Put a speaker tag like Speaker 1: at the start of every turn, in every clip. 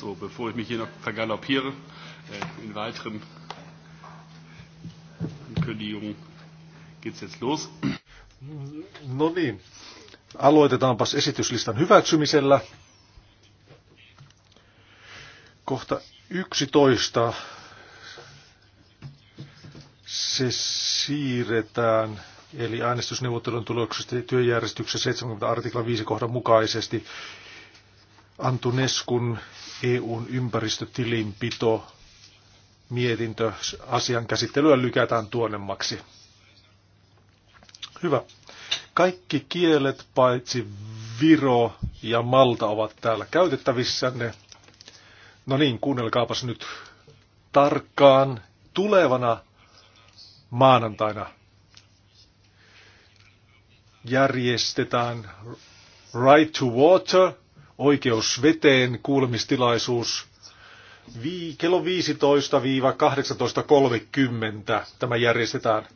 Speaker 1: So, bevor ich mich hier noch vergaloppiere äh, in weiteren Ankündigungen, geht's jetzt los. No niin, aloitetaanpas esityslistan hyväksymisellä. Kohta 11 se siirretään, eli äänestysneuvottelun tuloksesta työjärjestyksen 70 artikla 5 kohdan mukaisesti Antuneskun EUn ympäristötilinpito mietintö asian käsittelyä lykätään tuonnemmaksi. Hyvä. Kaikki kielet paitsi Viro ja Malta ovat täällä käytettävissänne. No niin, kuunnelkaapas nyt tarkkaan tulevana maanantaina järjestetään Right to Water – oikeus veteen kuulemistilaisuus vii, kello 15-18.30 tämä järjestetään.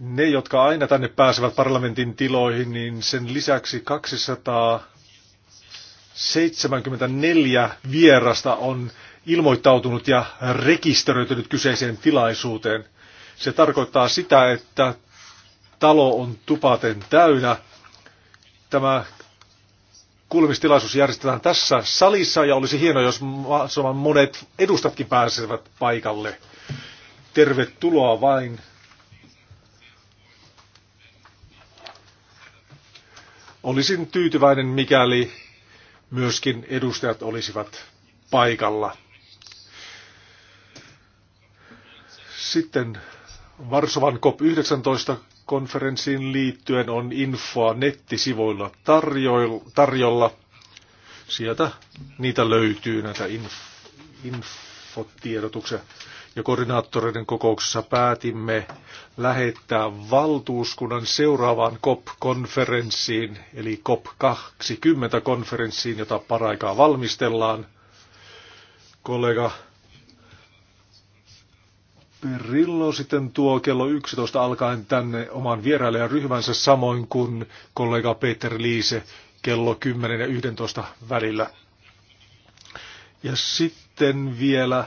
Speaker 1: Ne, jotka aina tänne pääsevät parlamentin tiloihin, niin sen lisäksi 274 vierasta on ilmoittautunut ja rekisteröitynyt kyseiseen tilaisuuteen. Se tarkoittaa sitä, että talo on tupaten täynnä tämä kuulemistilaisuus järjestetään tässä salissa ja olisi hienoa, jos mahdollisimman monet edustatkin pääsevät paikalle. Tervetuloa vain. Olisin tyytyväinen, mikäli myöskin edustajat olisivat paikalla. Sitten Varsovan COP19 konferenssiin liittyen on infoa nettisivuilla tarjolla. Sieltä niitä löytyy näitä inf- infotiedotuksia. Ja koordinaattoreiden kokouksessa päätimme lähettää valtuuskunnan seuraavaan COP-konferenssiin, eli COP20-konferenssiin, jota paraikaa valmistellaan. Kollega Pirillo sitten tuo kello 11 alkaen tänne oman vierailijaryhmänsä samoin kuin kollega Peter Liise kello 10 ja 11 välillä. Ja sitten vielä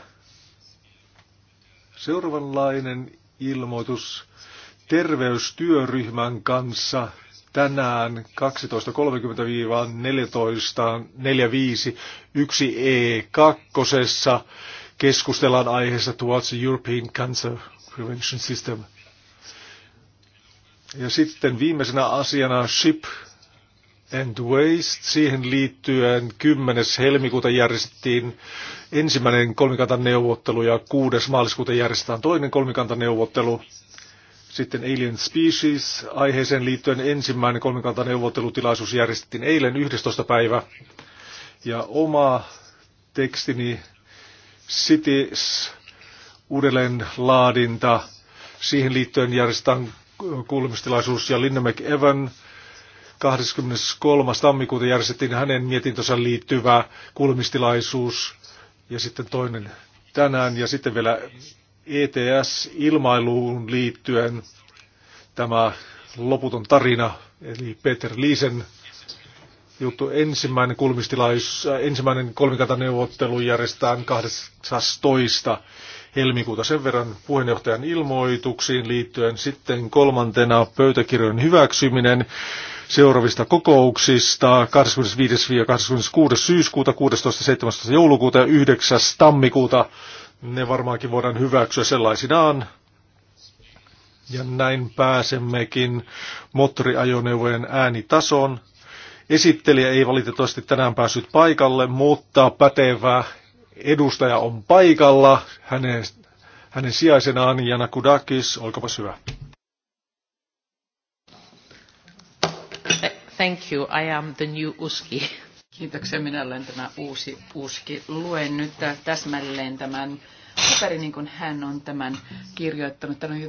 Speaker 1: seuraavanlainen ilmoitus terveystyöryhmän kanssa tänään 12.30-14.45 1E2 keskustellaan aiheesta Towards the European Cancer Prevention System. Ja sitten viimeisenä asiana SHIP and Waste. Siihen liittyen 10. helmikuuta järjestettiin ensimmäinen kolmikantaneuvottelu ja 6. maaliskuuta järjestetään toinen kolmikantaneuvottelu. Sitten Alien Species aiheeseen liittyen ensimmäinen kolmikantaneuvottelutilaisuus järjestettiin eilen 11. päivä. Ja oma tekstini Cities uudelleenlaadinta. Siihen liittyen järjestetään kuulemistilaisuus ja Linda McEvan 23. tammikuuta järjestettiin hänen mietintönsä liittyvä kuulemistilaisuus ja sitten toinen tänään ja sitten vielä ETS-ilmailuun liittyen tämä loputon tarina, eli Peter Liisen juttu. Ensimmäinen, kulmistilais, äh, ensimmäinen kolmikantaneuvottelu järjestetään 12. helmikuuta sen verran puheenjohtajan ilmoituksiin liittyen. Sitten kolmantena pöytäkirjojen hyväksyminen seuraavista kokouksista 25-26. syyskuuta, 16-17. joulukuuta ja 9. tammikuuta. Ne varmaankin voidaan hyväksyä sellaisinaan. Ja näin pääsemmekin moottoriajoneuvojen äänitason Esittelijä ei valitettavasti tänään päässyt paikalle, mutta pätevä edustaja on paikalla. Hänen, hänen sijaisenaan Jana Kudakis, olkapas hyvä.
Speaker 2: Thank you, I am the new Uski. Kiitoksia, minä olen tämä uusi Uski. Luen nyt täsmälleen tämän paperin, niin kuin hän on tämän kirjoittanut. Tämä on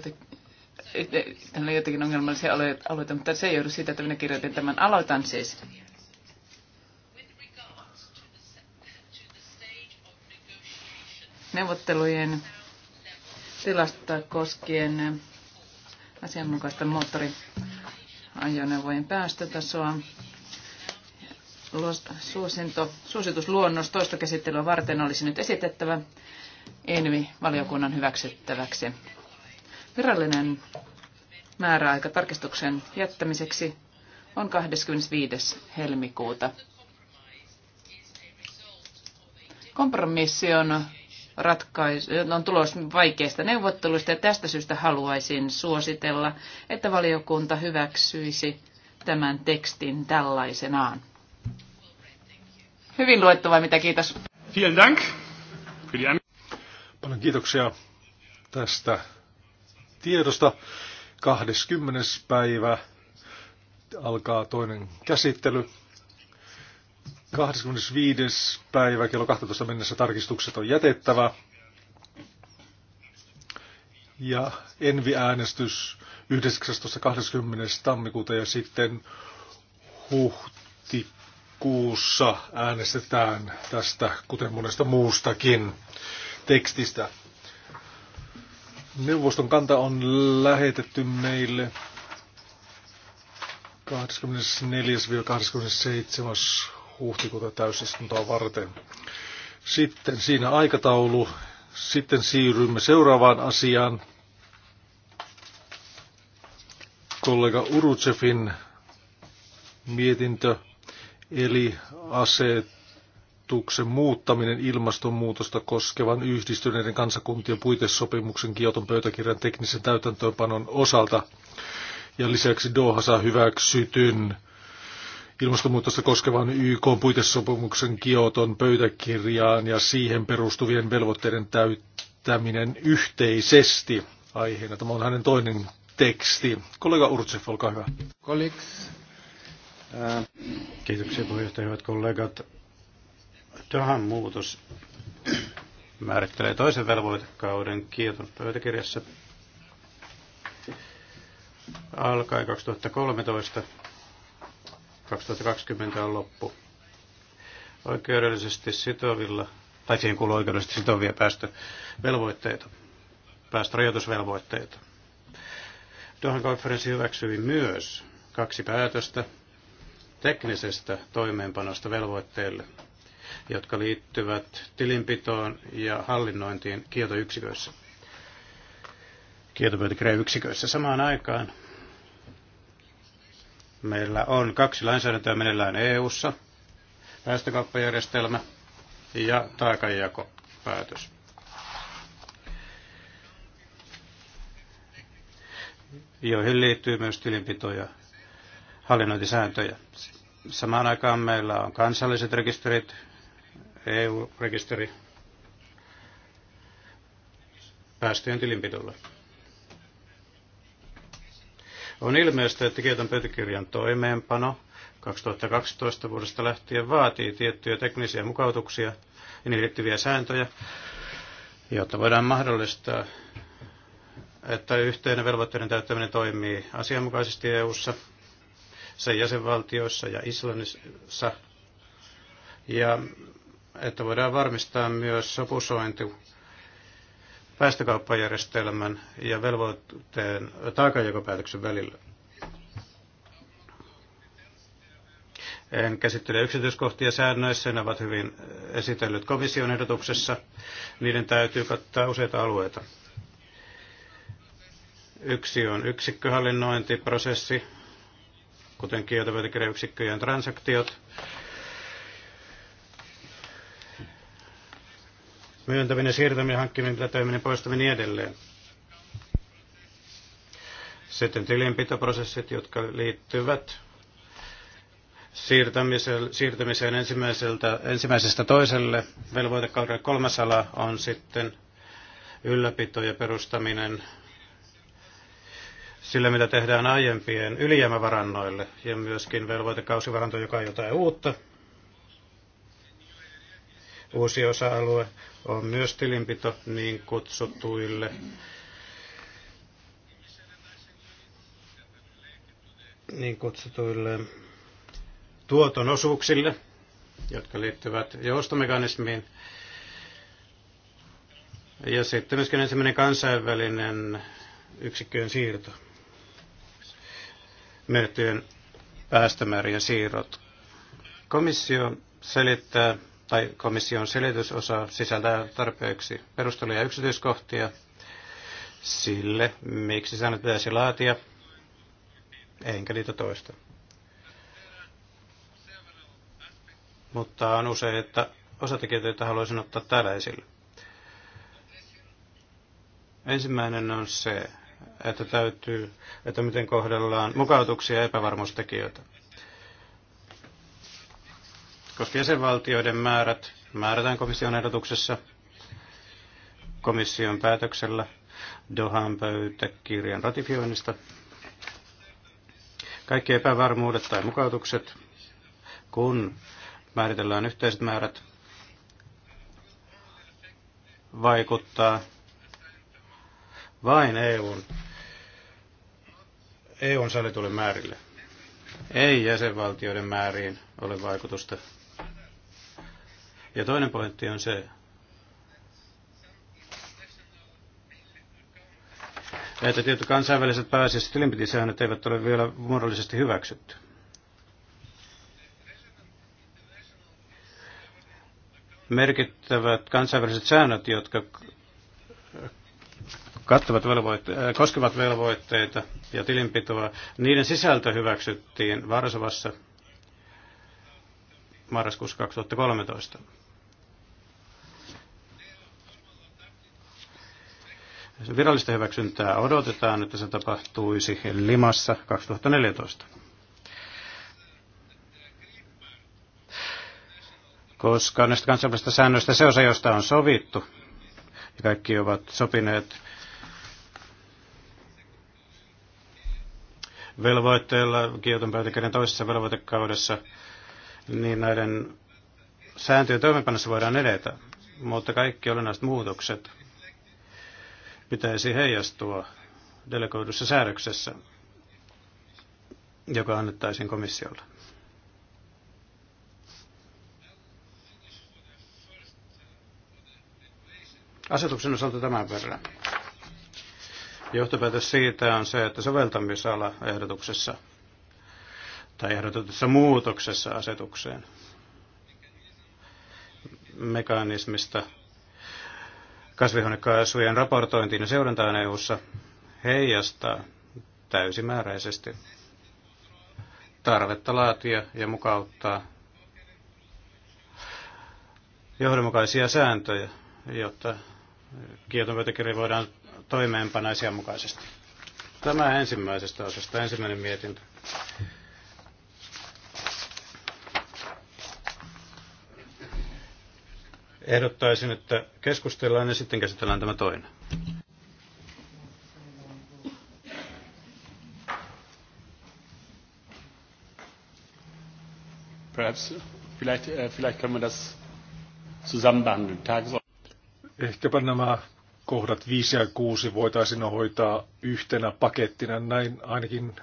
Speaker 2: täällä on jotenkin ongelmallisia aloita, mutta se ei joudu siitä, että minä kirjoitin tämän. Aloitan siis. Neuvottelujen tilasta koskien asianmukaista moottoriajoneuvojen päästötasoa. Suosinto, suositusluonnos toista käsittelyä varten olisi nyt esitettävä ENVI-valiokunnan hyväksyttäväksi. Virallinen määräaika tarkistuksen jättämiseksi on 25. helmikuuta. Kompromissi on, ratkaisu, on tulos vaikeista neuvotteluista ja tästä syystä haluaisin suositella, että valiokunta hyväksyisi tämän tekstin tällaisenaan. Hyvin luettu vai mitä, kiitos. Vielen dank.
Speaker 1: Paljon kiitoksia tästä tiedosta. 20. päivä alkaa toinen käsittely. 25. päivä kello 12 mennessä tarkistukset on jätettävä. Ja enviäänestys 19.20. tammikuuta ja sitten huhtikuussa äänestetään tästä, kuten monesta muustakin tekstistä. Neuvoston kanta on lähetetty meille 24-27. huhtikuuta täysistuntoa varten. Sitten siinä aikataulu. Sitten siirrymme seuraavaan asiaan. Kollega Urutsefin mietintö, eli aseet asetuksen muuttaminen ilmastonmuutosta koskevan yhdistyneiden kansakuntien puitesopimuksen Kioton pöytäkirjan teknisen täytäntöönpanon osalta ja lisäksi Dohassa hyväksytyn ilmastonmuutosta koskevan YK puitesopimuksen Kioton pöytäkirjaan ja siihen perustuvien velvoitteiden täyttäminen yhteisesti aiheena. Tämä on hänen toinen teksti.
Speaker 3: Kollega Urtsev, olkaa hyvä. Äh, Kiitoksia puheenjohtaja, hyvät kollegat. Dohan muutos määrittelee toisen velvoitekauden kieton pöytäkirjassa alkaen 2013. 2020 on loppu. Oikeudellisesti sitovilla, tai siihen kuuluu oikeudellisesti sitovia päästövelvoitteita, päästörajoitusvelvoitteita. Dohan konferenssi hyväksyi myös kaksi päätöstä teknisestä toimeenpanosta velvoitteille jotka liittyvät tilinpitoon ja hallinnointiin kieltoyksiköissä, kieltopöytäkirjayksiköissä. Samaan aikaan meillä on kaksi lainsäädäntöä meneillään EU-ssa, päästökauppajärjestelmä ja taakanjakopäätös. joihin liittyy myös tilinpito- ja hallinnointisääntöjä. Samaan aikaan meillä on kansalliset rekisterit, EU-rekisteri päästöjen tilinpidolle. On ilmeistä, että kieton pöytäkirjan toimeenpano 2012 vuodesta lähtien vaatii tiettyjä teknisiä mukautuksia ja niihin liittyviä sääntöjä, jotta voidaan mahdollistaa, että yhteinen velvoitteiden täyttäminen toimii asianmukaisesti EU-ssa, sen jäsenvaltioissa ja Islannissa ja että voidaan varmistaa myös sopusointi päästökauppajärjestelmän ja velvoitteen taakanjakopäätöksen välillä. En käsittele yksityiskohtia säännöissä, ne ovat hyvin esitellyt komission ehdotuksessa. Niiden täytyy kattaa useita alueita. Yksi on yksikköhallinnointiprosessi, kuten kieltäpöytäkirjayksikköjen transaktiot. myöntäminen, siirtäminen, hankkiminen, pitäminen, poistaminen ja niin edelleen. Sitten tilinpitoprosessit, jotka liittyvät siirtämiseen, siirtämiseen ensimmäiseltä, ensimmäisestä toiselle. Velvoitekaudelle kolmas ala on sitten ylläpito ja perustaminen sillä, mitä tehdään aiempien ylijäämävarannoille ja myöskin velvoitekausivaranto, joka on jotain uutta – Uusi osa-alue on myös tilinpito niin kutsutuille niin kutsutuille tuoton osuuksille, jotka liittyvät joustomekanismiin. Ja sitten myöskin ensimmäinen kansainvälinen yksikköön siirto. Myötyjen päästömäärien siirrot. Komissio selittää tai komission selitysosa sisältää tarpeeksi perusteluja ja yksityiskohtia sille, miksi säännöt pitäisi laatia, enkä niitä toista. Mutta on usein, että osatekijöitä, joita haluaisin ottaa täällä esille. Ensimmäinen on se, että täytyy, että miten kohdellaan mukautuksia ja epävarmuustekijöitä koska jäsenvaltioiden määrät määrätään komission ehdotuksessa komission päätöksellä Dohan pöytäkirjan ratifioinnista. Kaikki epävarmuudet tai mukautukset, kun määritellään yhteiset määrät, vaikuttaa vain EUn, EUn salitulle määrille. Ei jäsenvaltioiden määriin ole vaikutusta ja toinen pointti on se, että tietyt kansainväliset pääasiassa tilinpitisäännöt eivät ole vielä muodollisesti hyväksytty. Merkittävät kansainväliset säännöt, jotka kattavat velvoitte- äh, koskevat velvoitteita ja tilinpitoa, niiden sisältö hyväksyttiin Varsovassa marraskuussa 2013. Virallista hyväksyntää odotetaan, että se tapahtuisi Limassa 2014. Koska näistä kansainvälisistä säännöistä se osa, josta on sovittu, ja kaikki ovat sopineet velvoitteella Kioton pöytäkirjan toisessa velvoitekaudessa, niin näiden sääntöjen toimeenpanossa voidaan edetä, mutta kaikki olennaiset muutokset pitäisi heijastua delegoidussa säädöksessä, joka annettaisiin komissiolle. Asetuksen osalta tämän verran. Johtopäätös siitä on se, että soveltamisala ehdotuksessa tai ehdotetussa muutoksessa asetukseen mekanismista kasvihuonekaasujen raportointiin ja seurantaan EU-ssa heijastaa täysimääräisesti tarvetta laatia ja mukauttaa johdonmukaisia sääntöjä, jotta kieltonpöytäkirja voidaan toimeenpanaisia asianmukaisesti. Tämä ensimmäisestä osasta, ensimmäinen mietintö. Ehdottaisin, että keskustellaan ja sitten käsitellään tämä toinen. Perhaps, uh, vielleicht, uh, vielleicht können wir das zusammen behandeln.
Speaker 1: Ehkäpä nämä kohdat 5 ja 6 voitaisiin hoitaa yhtenä pakettina, näin ainakin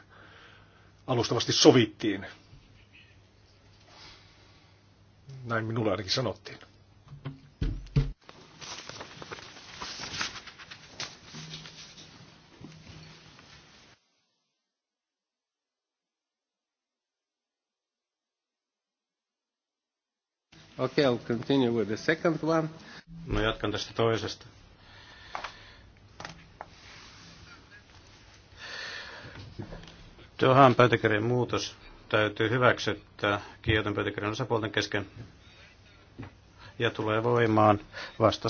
Speaker 1: alustavasti sovittiin. Näin minulle ainakin sanottiin.
Speaker 3: Okay, I'll continue with the second one. No jatkan tästä toisesta. Dohan pöytäkirjan muutos täytyy hyväksyttää Kioton pöytäkirjan osapuolten kesken ja tulee voimaan vasta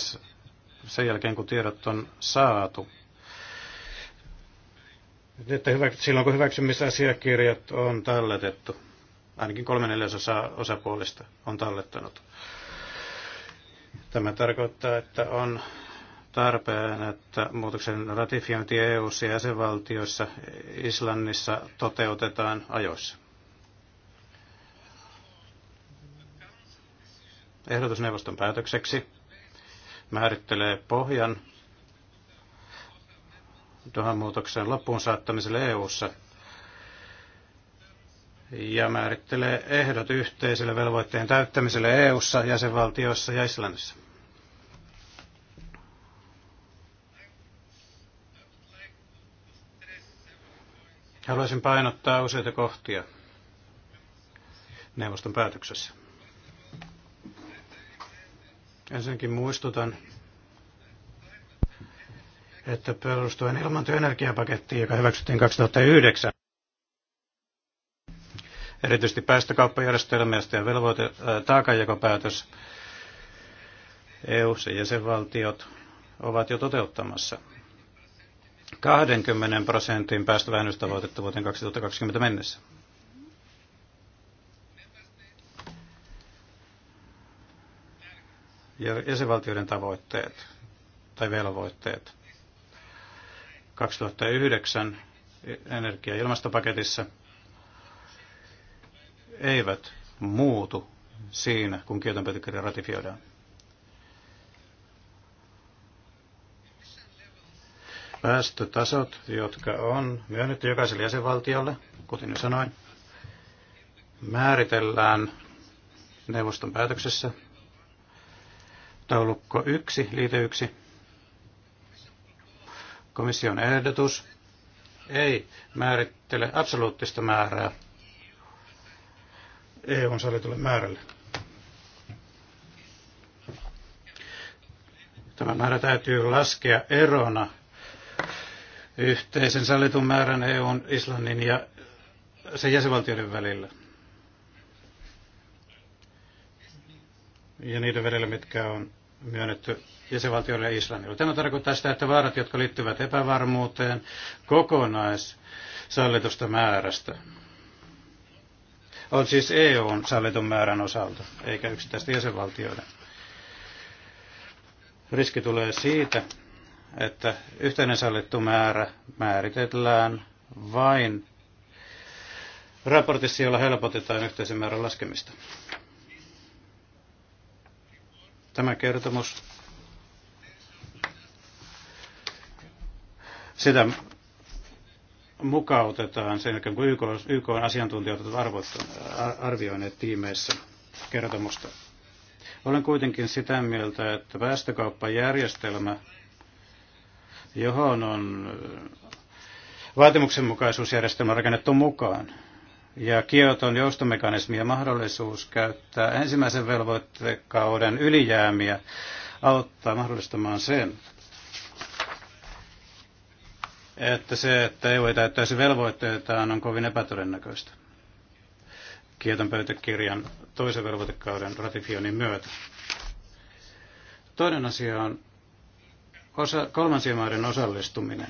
Speaker 3: sen jälkeen, kun tiedot on saatu. Että hyväksy- silloin kun hyväksymisasiakirjat on talletettu ainakin kolme neljäsosa osapuolista on tallettanut. Tämä tarkoittaa, että on tarpeen, että muutoksen ratifiointi eu ja jäsenvaltioissa Islannissa toteutetaan ajoissa. Ehdotusneuvoston päätökseksi määrittelee pohjan tuohon muutoksen loppuun saattamiselle EU-ssa ja määrittelee ehdot yhteiselle velvoitteen täyttämiselle EU-ssa, jäsenvaltioissa ja Islannissa. Haluaisin painottaa useita kohtia neuvoston päätöksessä. Ensinnäkin muistutan, että perustuen ilmantoenergiapakettiin, joka hyväksyttiin 2009, erityisesti päästökauppajärjestelmä ja velvoite, äh, taakanjakopäätös EU ja jäsenvaltiot ovat jo toteuttamassa 20 prosentin päästövähennystavoitetta vuoteen 2020 mennessä. Ja jäsenvaltioiden tavoitteet tai velvoitteet 2009 energia- ja ilmastopaketissa – eivät muutu siinä, kun Kioton pöytäkirja ratifioidaan. Päästötasot, jotka on myönnetty jokaiselle jäsenvaltiolle, kuten jo sanoin, määritellään neuvoston päätöksessä taulukko 1, liite 1, komission ehdotus ei määrittele absoluuttista määrää EUn sallitulle määrälle. Tämä määrä täytyy laskea erona yhteisen sallitun määrän EUn, Islannin ja sen jäsenvaltioiden välillä. Ja niiden välillä, mitkä on myönnetty jäsenvaltioille ja Islannille. Tämä tarkoittaa sitä, että vaarat, jotka liittyvät epävarmuuteen kokonaissallitusta määrästä, on siis EUn sallitun määrän osalta, eikä yksittäisten jäsenvaltioiden. Riski tulee siitä, että yhteinen sallittu määrä määritellään vain raportissa, jolla helpotetaan yhteisen määrän laskemista. Tämä kertomus, sitä mukautetaan sen jälkeen, kun YK, YK on asiantuntijat ovat arvioineet tiimeissä kertomusta. Olen kuitenkin sitä mieltä, että päästökauppajärjestelmä, johon on äh, vaatimuksenmukaisuusjärjestelmä rakennettu mukaan, ja Kioton joustomekanismi ja mahdollisuus käyttää ensimmäisen velvoittekauden ylijäämiä auttaa mahdollistamaan sen, että se, että EU ei täyttäisi velvoitteitaan, on kovin epätodennäköistä. Kieton pöytäkirjan toisen velvoitekauden ratifioinnin myötä. Toinen asia on osa, kolmansien maiden osallistuminen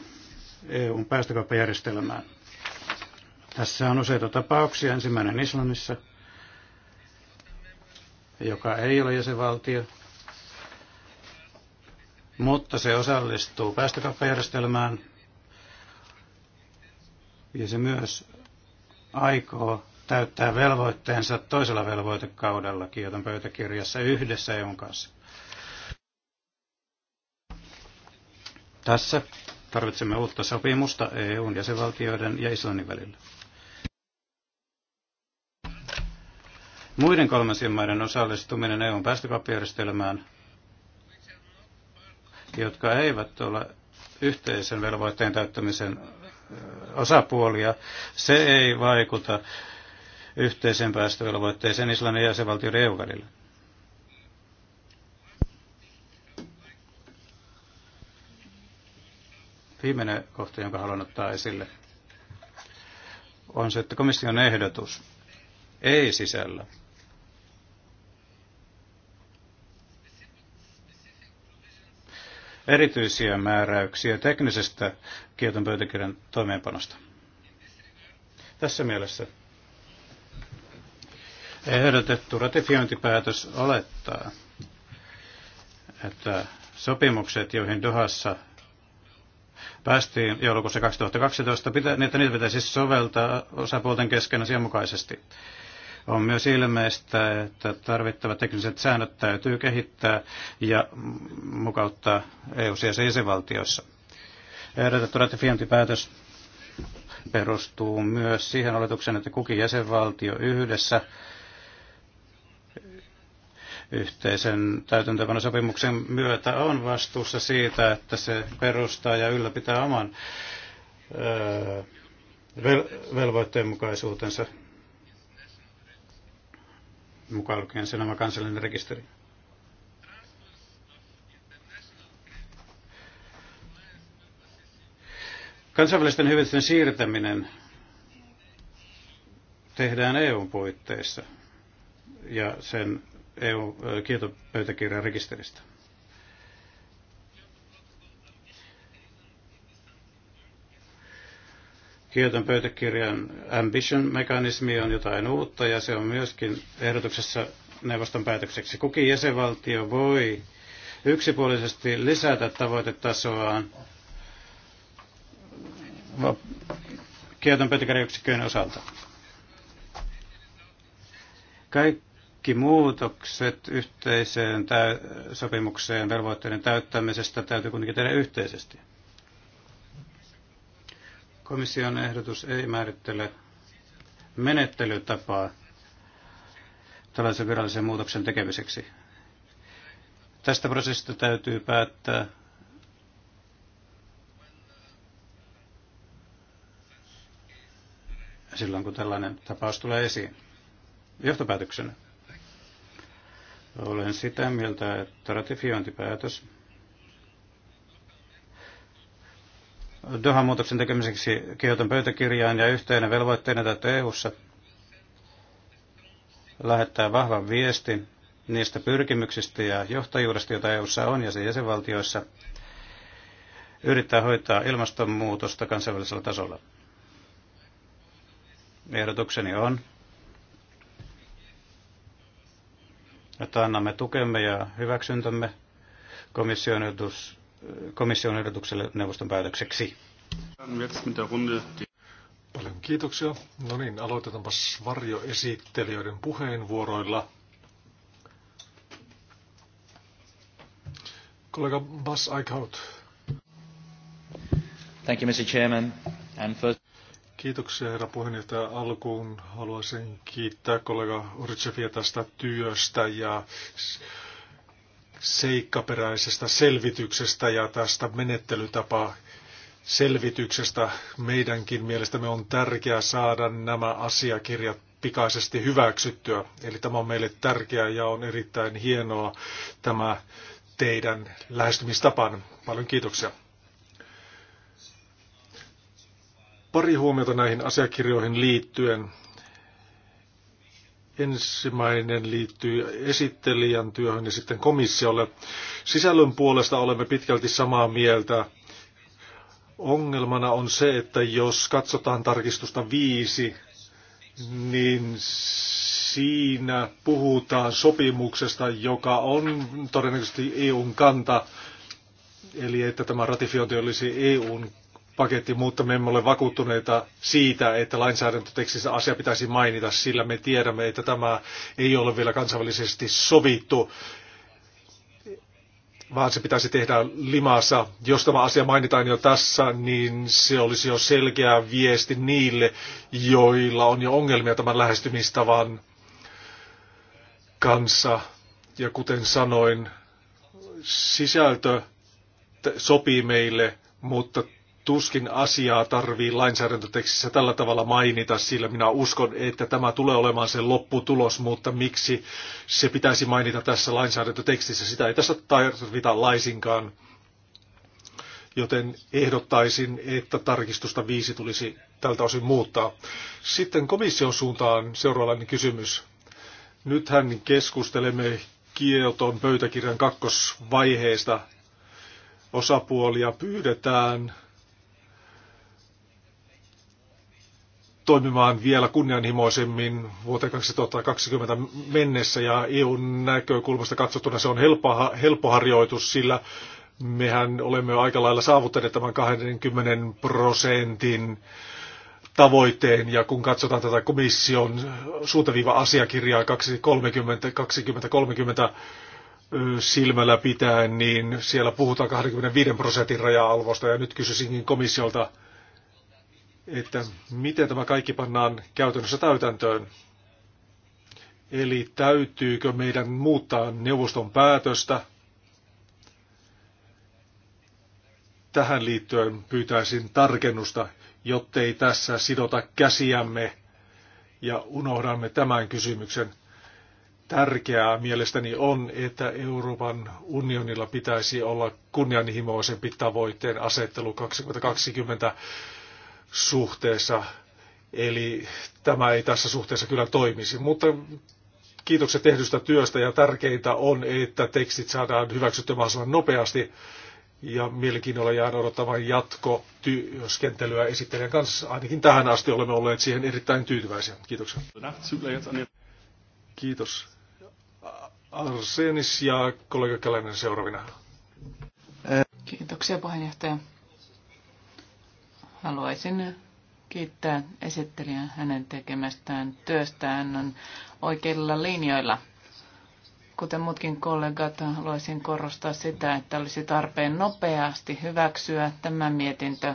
Speaker 3: EUn päästökauppajärjestelmään. Tässä on useita tapauksia. Ensimmäinen Islannissa, joka ei ole jäsenvaltio, mutta se osallistuu päästökauppajärjestelmään ja se myös aikoo täyttää velvoitteensa toisella velvoitekaudella Kioton pöytäkirjassa yhdessä EUn kanssa. Tässä tarvitsemme uutta sopimusta EUn jäsenvaltioiden ja Islannin välillä. Muiden kolmansien maiden osallistuminen EUn päästökauppajärjestelmään, jotka eivät ole yhteisen velvoitteen täyttämisen osapuolia, se ei vaikuta yhteisen päästövelvoitteeseen Islannin ja jäsenvaltioiden EU välillä. Viimeinen kohta, jonka haluan ottaa esille, on se, että komission ehdotus ei sisällä erityisiä määräyksiä teknisestä kioton pöytäkirjan toimeenpanosta. Tässä mielessä ehdotettu ratifiointipäätös olettaa, että sopimukset, joihin Dohassa päästiin joulukuussa 2012, että niitä pitäisi soveltaa osapuolten kesken asianmukaisesti. mukaisesti. On myös ilmeistä, että tarvittavat tekniset säännöt täytyy kehittää ja mukauttaa EU-sijaisissa jäsenvaltioissa. Ehdotettu ratifiointipäätös perustuu myös siihen oletukseen, että kukin jäsenvaltio yhdessä yhteisen sopimuksen myötä on vastuussa siitä, että se perustaa ja ylläpitää oman öö, velvoitteenmukaisuutensa mukaan lukien sen oma kansallinen rekisteri. Kansainvälisten hyvitysten siirtäminen tehdään EUn puitteissa ja sen eu kietopöytäkirjan rekisteristä. Kioton pöytäkirjan ambition-mekanismi on jotain uutta ja se on myöskin ehdotuksessa neuvoston päätökseksi. Kukin jäsenvaltio voi yksipuolisesti lisätä tavoitetasoaan Kioton pöytäkirjayksikköjen osalta. Kaikki muutokset yhteiseen sopimukseen velvoitteiden täyttämisestä täytyy kuitenkin tehdä yhteisesti. Komission ehdotus ei määrittele menettelytapaa tällaisen virallisen muutoksen tekemiseksi. Tästä prosessista täytyy päättää silloin, kun tällainen tapaus tulee esiin. Johtopäätöksenä. Olen sitä mieltä, että ratifiointipäätös Dohan muutoksen tekemiseksi Kioton pöytäkirjaan ja yhteinen velvoitteena täytyy eu lähettää vahvan viestin niistä pyrkimyksistä ja johtajuudesta, joita eu on ja sen jäsenvaltioissa yrittää hoitaa ilmastonmuutosta kansainvälisellä tasolla. Ehdotukseni on, että annamme tukemme ja hyväksyntämme komission ehdotus komission ehdotukselle neuvoston päätökseksi.
Speaker 1: Paljon kiitoksia. No niin, aloitetaanpa varjoesittelijöiden puheenvuoroilla. Kollega Bas Eichhout.
Speaker 3: Thank you, Mr. Chairman. And first...
Speaker 1: Kiitoksia herra puheenjohtaja. Alkuun haluaisin kiittää kollega Oritsefia tästä työstä ja seikkaperäisestä selvityksestä ja tästä menettelytapa selvityksestä. Meidänkin mielestämme on tärkeää saada nämä asiakirjat pikaisesti hyväksyttyä. Eli tämä on meille tärkeää ja on erittäin hienoa tämä teidän lähestymistapan. Paljon kiitoksia. Pari huomiota näihin asiakirjoihin liittyen. Ensimmäinen liittyy esittelijän työhön ja sitten komissiolle. Sisällön puolesta olemme pitkälti samaa mieltä. Ongelmana on se, että jos katsotaan tarkistusta viisi, niin siinä puhutaan sopimuksesta, joka on todennäköisesti EUn kanta, eli että tämä ratifiointi olisi EUn paketti, mutta me emme ole vakuuttuneita siitä, että lainsäädäntötekstissä asia pitäisi mainita, sillä me tiedämme, että tämä ei ole vielä kansainvälisesti sovittu, vaan se pitäisi tehdä limassa. Jos tämä asia mainitaan jo tässä, niin se olisi jo selkeä viesti niille, joilla on jo ongelmia tämän lähestymistavan kanssa. Ja kuten sanoin, sisältö sopii meille, mutta tuskin asiaa tarvii lainsäädäntötekstissä tällä tavalla mainita, sillä minä uskon, että tämä tulee olemaan sen lopputulos, mutta miksi se pitäisi mainita tässä lainsäädäntötekstissä, sitä ei tässä tarvita laisinkaan. Joten ehdottaisin, että tarkistusta viisi tulisi tältä osin muuttaa. Sitten komission suuntaan seuraavainen kysymys. Nythän keskustelemme Kioton pöytäkirjan kakkosvaiheesta osapuolia pyydetään toimimaan vielä kunnianhimoisemmin vuoteen 2020 mennessä ja EUn näkökulmasta katsottuna se on helppo, helppo harjoitus, sillä mehän olemme jo aika lailla saavuttaneet tämän 20 prosentin tavoitteen ja kun katsotaan tätä komission suuntaviiva-asiakirjaa 2030, 2030 silmällä pitäen, niin siellä puhutaan 25 prosentin raja-alvosta ja nyt kysyisinkin komissiolta, että miten tämä kaikki pannaan käytännössä täytäntöön. Eli täytyykö meidän muuttaa neuvoston päätöstä? Tähän liittyen pyytäisin tarkennusta, jottei tässä sidota käsiämme ja unohdamme tämän kysymyksen. Tärkeää mielestäni on, että Euroopan unionilla pitäisi olla kunnianhimoisempi tavoitteen asettelu 2020 suhteessa. Eli tämä ei tässä suhteessa kyllä toimisi. Mutta kiitokset tehdystä työstä ja tärkeintä on, että tekstit saadaan hyväksyttyä mahdollisimman nopeasti. Ja mielenkiinnolla jään odottamaan jatkotyöskentelyä esittelijän kanssa. Ainakin tähän asti olemme olleet siihen erittäin tyytyväisiä. Kiitoksia. Kiitos. Arsenis ja kollega Kälänen seuraavina.
Speaker 2: Kiitoksia puheenjohtaja. Haluaisin kiittää esittelijää hänen tekemästään työstä. Hän on oikeilla linjoilla. Kuten muutkin kollegat, haluaisin korostaa sitä, että olisi tarpeen nopeasti hyväksyä tämä mietintö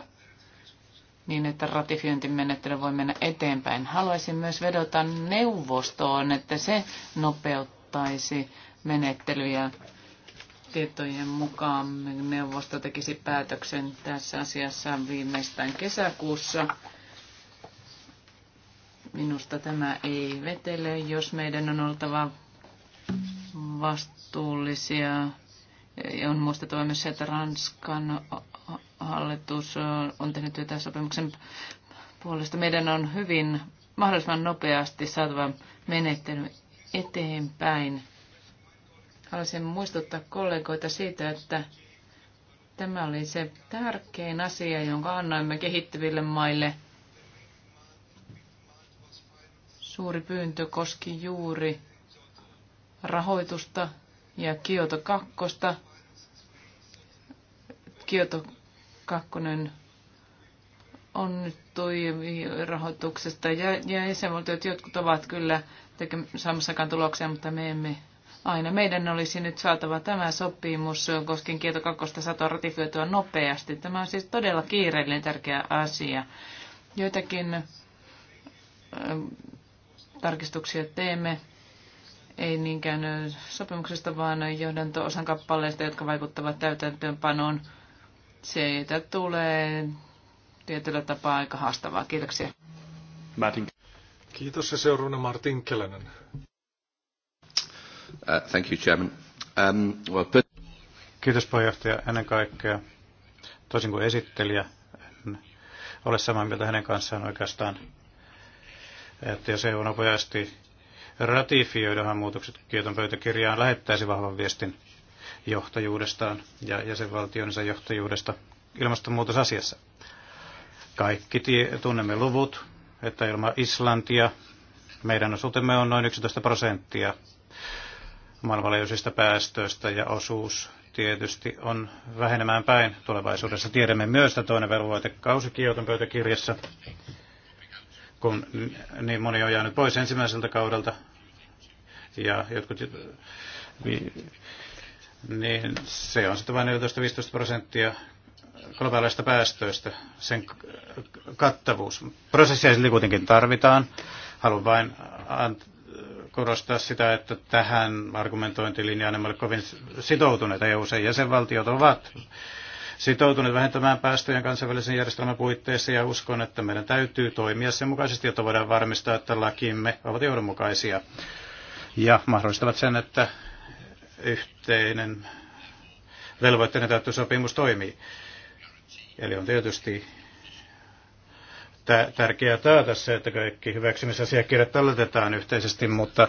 Speaker 2: niin, että ratifiointimenettely voi mennä eteenpäin. Haluaisin myös vedota neuvostoon, että se nopeuttaisi menettelyjä tietojen mukaan neuvosto tekisi päätöksen tässä asiassa viimeistään kesäkuussa. Minusta tämä ei vetele, jos meidän on oltava vastuullisia. On muistettava myös se, että Ranskan hallitus on tehnyt työtä sopimuksen puolesta. Meidän on hyvin mahdollisimman nopeasti saatava menettely eteenpäin Haluaisin muistuttaa kollegoita siitä, että tämä oli se tärkein asia, jonka annoimme kehittyville maille. Suuri pyyntö koski juuri rahoitusta ja Kioto 2. Kioto kakkonen onnistui rahoituksesta ja, ja jäsenvaltiot jotkut ovat kyllä samassakaan tuloksia, mutta me emme Aina meidän olisi nyt saatava tämä sopimus koskien kielto kakkosta satoa ratifioitua nopeasti. Tämä on siis todella kiireellinen tärkeä asia. Joitakin tarkistuksia teemme, ei niinkään sopimuksesta, vaan johdanto-osan kappaleista, jotka vaikuttavat täytäntöönpanoon. Siitä tulee tietyllä tapaa aika haastavaa. Kiitoksia.
Speaker 3: Martin.
Speaker 1: Kiitos ja seuraavana Martin Kelenen.
Speaker 3: Uh, thank you, Chairman. Um, well, but... Kiitos puheenjohtaja. Ennen kaikkea, toisin kuin esittelijä, en ole samaa mieltä hänen kanssaan oikeastaan, että jos EU nopeasti ratifioidahan muutokset Kioton pöytäkirjaan lähettäisi vahvan viestin johtajuudestaan ja jäsenvaltionsa johtajuudesta ilmastonmuutosasiassa. Kaikki tie, tunnemme luvut, että ilman Islantia meidän osuutemme on noin 11 prosenttia maailmanlaajuisista päästöistä ja osuus tietysti on vähenemään päin tulevaisuudessa. Tiedämme myös, että toinen velvoitekausi Kioton pöytäkirjassa, kun niin moni on jäänyt pois ensimmäiseltä kaudelta ja jotkut niin se on sitten vain 14-15 prosenttia globaaleista päästöistä, sen kattavuus. Prosessia silti kuitenkin tarvitaan. Haluan vain korostaa sitä, että tähän argumentointilinjaan emme ole kovin sitoutuneet. EU-sen jäsenvaltiot ovat sitoutuneet vähentämään päästöjen kansainvälisen järjestelmän puitteissa ja uskon, että meidän täytyy toimia sen mukaisesti, jotta voidaan varmistaa, että lakimme ovat johdonmukaisia ja mahdollistavat sen, että yhteinen velvoitteinen täyttösopimus toimii. Eli on tietysti tärkeää taata se, että kaikki hyväksymisasiakirjat talletetaan yhteisesti, mutta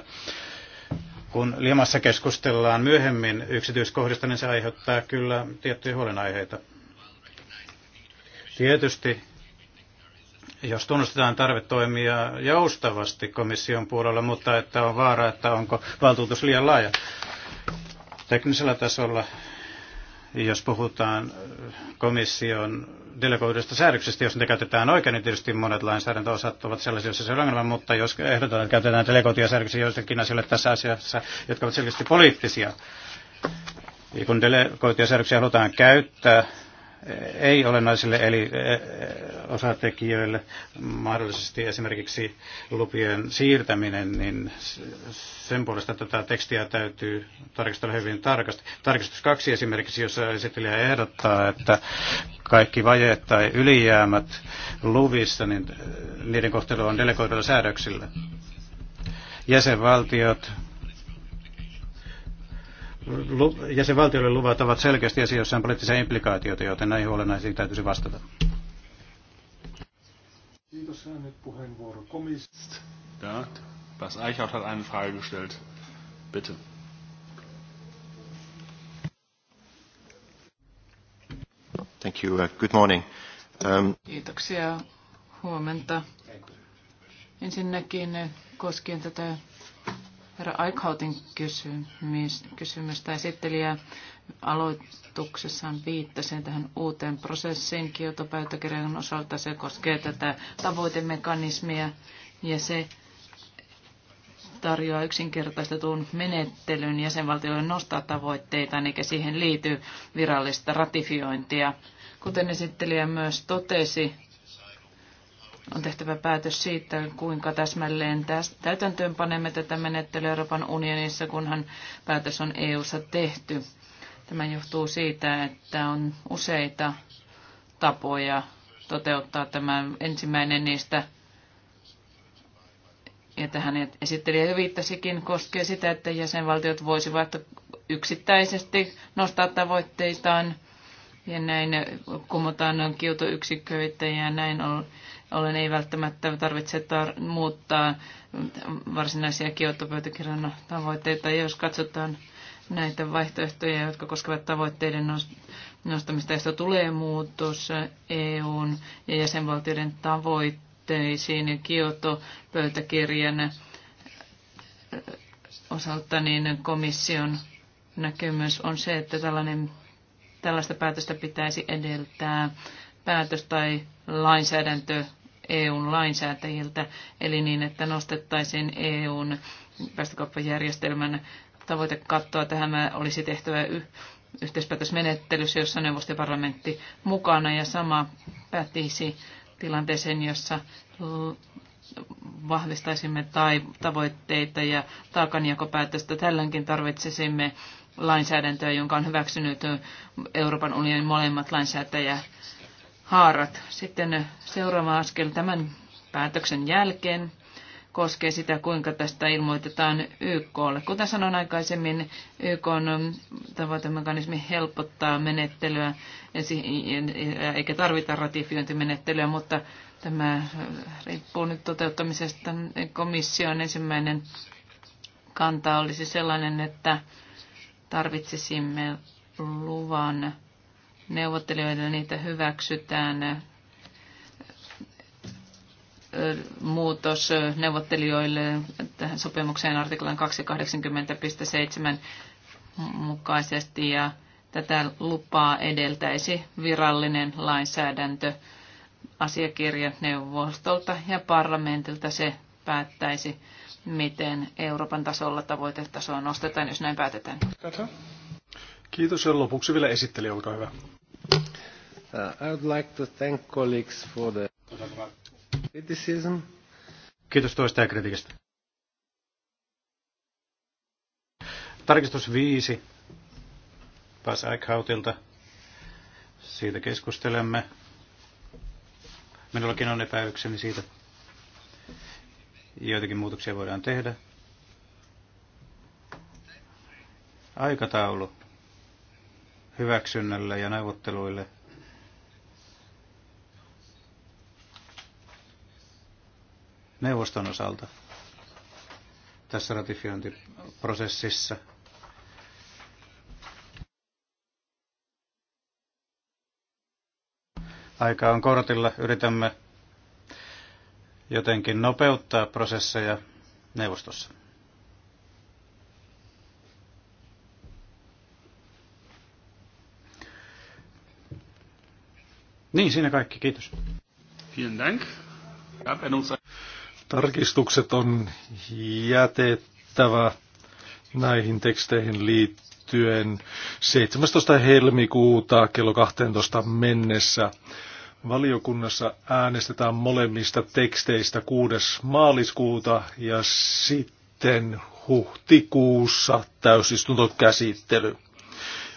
Speaker 3: kun Limassa keskustellaan myöhemmin yksityiskohdista, niin se aiheuttaa kyllä tiettyjä huolenaiheita. Tietysti, jos tunnustetaan tarve toimia joustavasti komission puolella, mutta että on vaara, että onko valtuutus liian laaja. Teknisellä tasolla, jos puhutaan komission delegoidusta säädöksestä, jos ne käytetään oikein, niin tietysti monet lainsäädäntöosat ovat sellaisia, joissa se on ongelma, mutta jos ehdotetaan, että käytetään delegoituja säädöksiä joistakin asioille tässä asiassa, jotka ovat selkeästi poliittisia, ja niin kun delegoituja säädöksiä halutaan käyttää, ei ole eli e, e, osatekijöille mahdollisesti esimerkiksi lupien siirtäminen, niin sen puolesta tätä tekstiä täytyy tarkistella hyvin tarkasti. Tarkistus kaksi esimerkiksi, jossa esittelijä ehdottaa, että kaikki vajeet tai ylijäämät luvissa, niin e, niiden kohtelu on delegoidulla säädöksillä. Jäsenvaltiot jäsenvaltioiden luvat ovat selkeästi asia, jossa poliittisia implikaatioita, joten näihin huolenaisiin täytyisi vastata.
Speaker 1: Kiitos. Ja puheenvuoro komista. Ja, Bas Eichhardt hat eine Frage
Speaker 2: gestellt. Bitte.
Speaker 3: Thank you. Uh, good morning. Um,
Speaker 2: Kiitoksia. Huomenta. Ensinnäkin uh, koskien tätä Herra Aikautin kysymys, kysymystä esittelijä aloituksessaan viittasi tähän uuteen prosessiin kiotopäytäkirjan osalta. Se koskee tätä tavoitemekanismia ja se tarjoaa yksinkertaistetun menettelyn jäsenvaltioille nostaa tavoitteita, eikä siihen liity virallista ratifiointia. Kuten esittelijä myös totesi, on tehtävä päätös siitä, kuinka täsmälleen täytäntöön panemme tätä menettelyä Euroopan unionissa, kunhan päätös on EU-ssa tehty. Tämä johtuu siitä, että on useita tapoja toteuttaa tämä ensimmäinen niistä, ja tähän esittelijä jo viittasikin, koskee sitä, että jäsenvaltiot voisivat yksittäisesti nostaa tavoitteitaan ja näin kumotaan on kiutoyksiköitä ja näin on ollen ei välttämättä tarvitse tar- muuttaa varsinaisia kiottopöytäkirjan tavoitteita. Jos katsotaan näitä vaihtoehtoja, jotka koskevat tavoitteiden nostamista, josta tulee muutos EUn ja jäsenvaltioiden tavoitteisiin ja kiottopöytäkirjan osalta, niin komission näkemys on se, että tällainen, tällaista päätöstä pitäisi edeltää päätös tai lainsäädäntö EUn lainsäätäjiltä, eli niin, että nostettaisiin EUn päästökauppajärjestelmän tavoitekattoa. Tähän olisi tehtävä yhteispäätösmenettelyssä, jossa neuvosto ja parlamentti mukana, ja sama pätisi tilanteeseen, jossa vahvistaisimme tai tavoitteita ja taakanjakopäätöstä. Tälläkin tarvitsisimme lainsäädäntöä, jonka on hyväksynyt Euroopan unionin molemmat lainsäätäjä haarat. Sitten seuraava askel tämän päätöksen jälkeen koskee sitä, kuinka tästä ilmoitetaan YKlle. Kuten sanoin aikaisemmin, YK on tavoitemekanismi helpottaa menettelyä, eikä tarvita ratifiointimenettelyä, mutta tämä riippuu nyt toteuttamisesta. Komission ensimmäinen kanta olisi sellainen, että tarvitsisimme luvan neuvottelijoille niitä hyväksytään muutos neuvottelijoille tähän sopimukseen artiklan 280.7 mukaisesti ja tätä lupaa edeltäisi virallinen lainsäädäntö asiakirja neuvostolta ja parlamentilta se päättäisi, miten Euroopan tasolla tavoitetasoa nostetaan, jos näin päätetään.
Speaker 1: Kiitos ja lopuksi vielä esitteli,
Speaker 3: olkaa hyvä. Uh, Kiitos toista ja kritiikistä. Tarkistus 5 Bas Eichhautilta. Siitä keskustelemme. Minullakin on epäilykseni siitä. Joitakin muutoksia voidaan tehdä. Aikataulu hyväksynnälle ja neuvotteluille – neuvoston osalta tässä ratifiointiprosessissa. Aika on kortilla. Yritämme jotenkin nopeuttaa prosesseja neuvostossa. Niin, siinä kaikki. Kiitos. Vielen Dank.
Speaker 1: Tarkistukset on jätettävä näihin teksteihin liittyen 17. helmikuuta kello 12 mennessä. Valiokunnassa äänestetään molemmista teksteistä 6. maaliskuuta ja sitten huhtikuussa täysistuntokäsittely.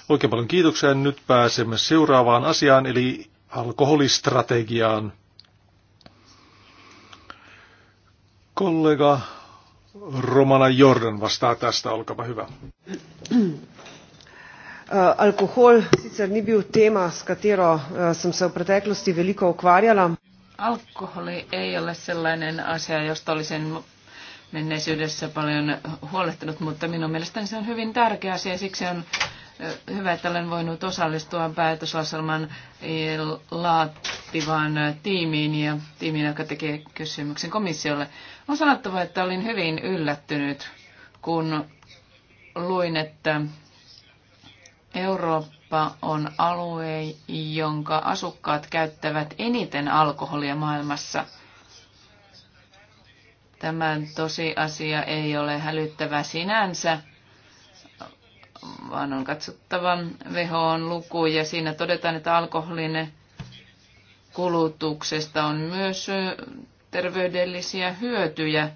Speaker 1: Oikein paljon kiitoksia. Nyt pääsemme seuraavaan asiaan eli alkoholistrategiaan. Kollega Romana Jordan vastaa tästä, olkaa hyvä.
Speaker 2: Uh, alkohol sicer ni bil tema, s katero uh, sem se v preteklosti veliko ukvarjala. Alkoholi ei ole sellainen asia, josta olisin menneisyydessä paljon huolehtinut, mutta minun mielestäni se on hyvin tärkeä asia. Siksi on hyvä, että olen voinut osallistua päätöslauselman laativaan tiimiin ja tiimiin, joka tekee kysymyksen komissiolle. On sanottava, että olin hyvin yllättynyt, kun luin, että Eurooppa on alue, jonka asukkaat käyttävät eniten alkoholia maailmassa. Tämän tosiasia ei ole hälyttävä sinänsä, vaan on katsottava luku ja Siinä todetaan, että alkoholin kulutuksesta on myös terveydellisiä hyötyjä.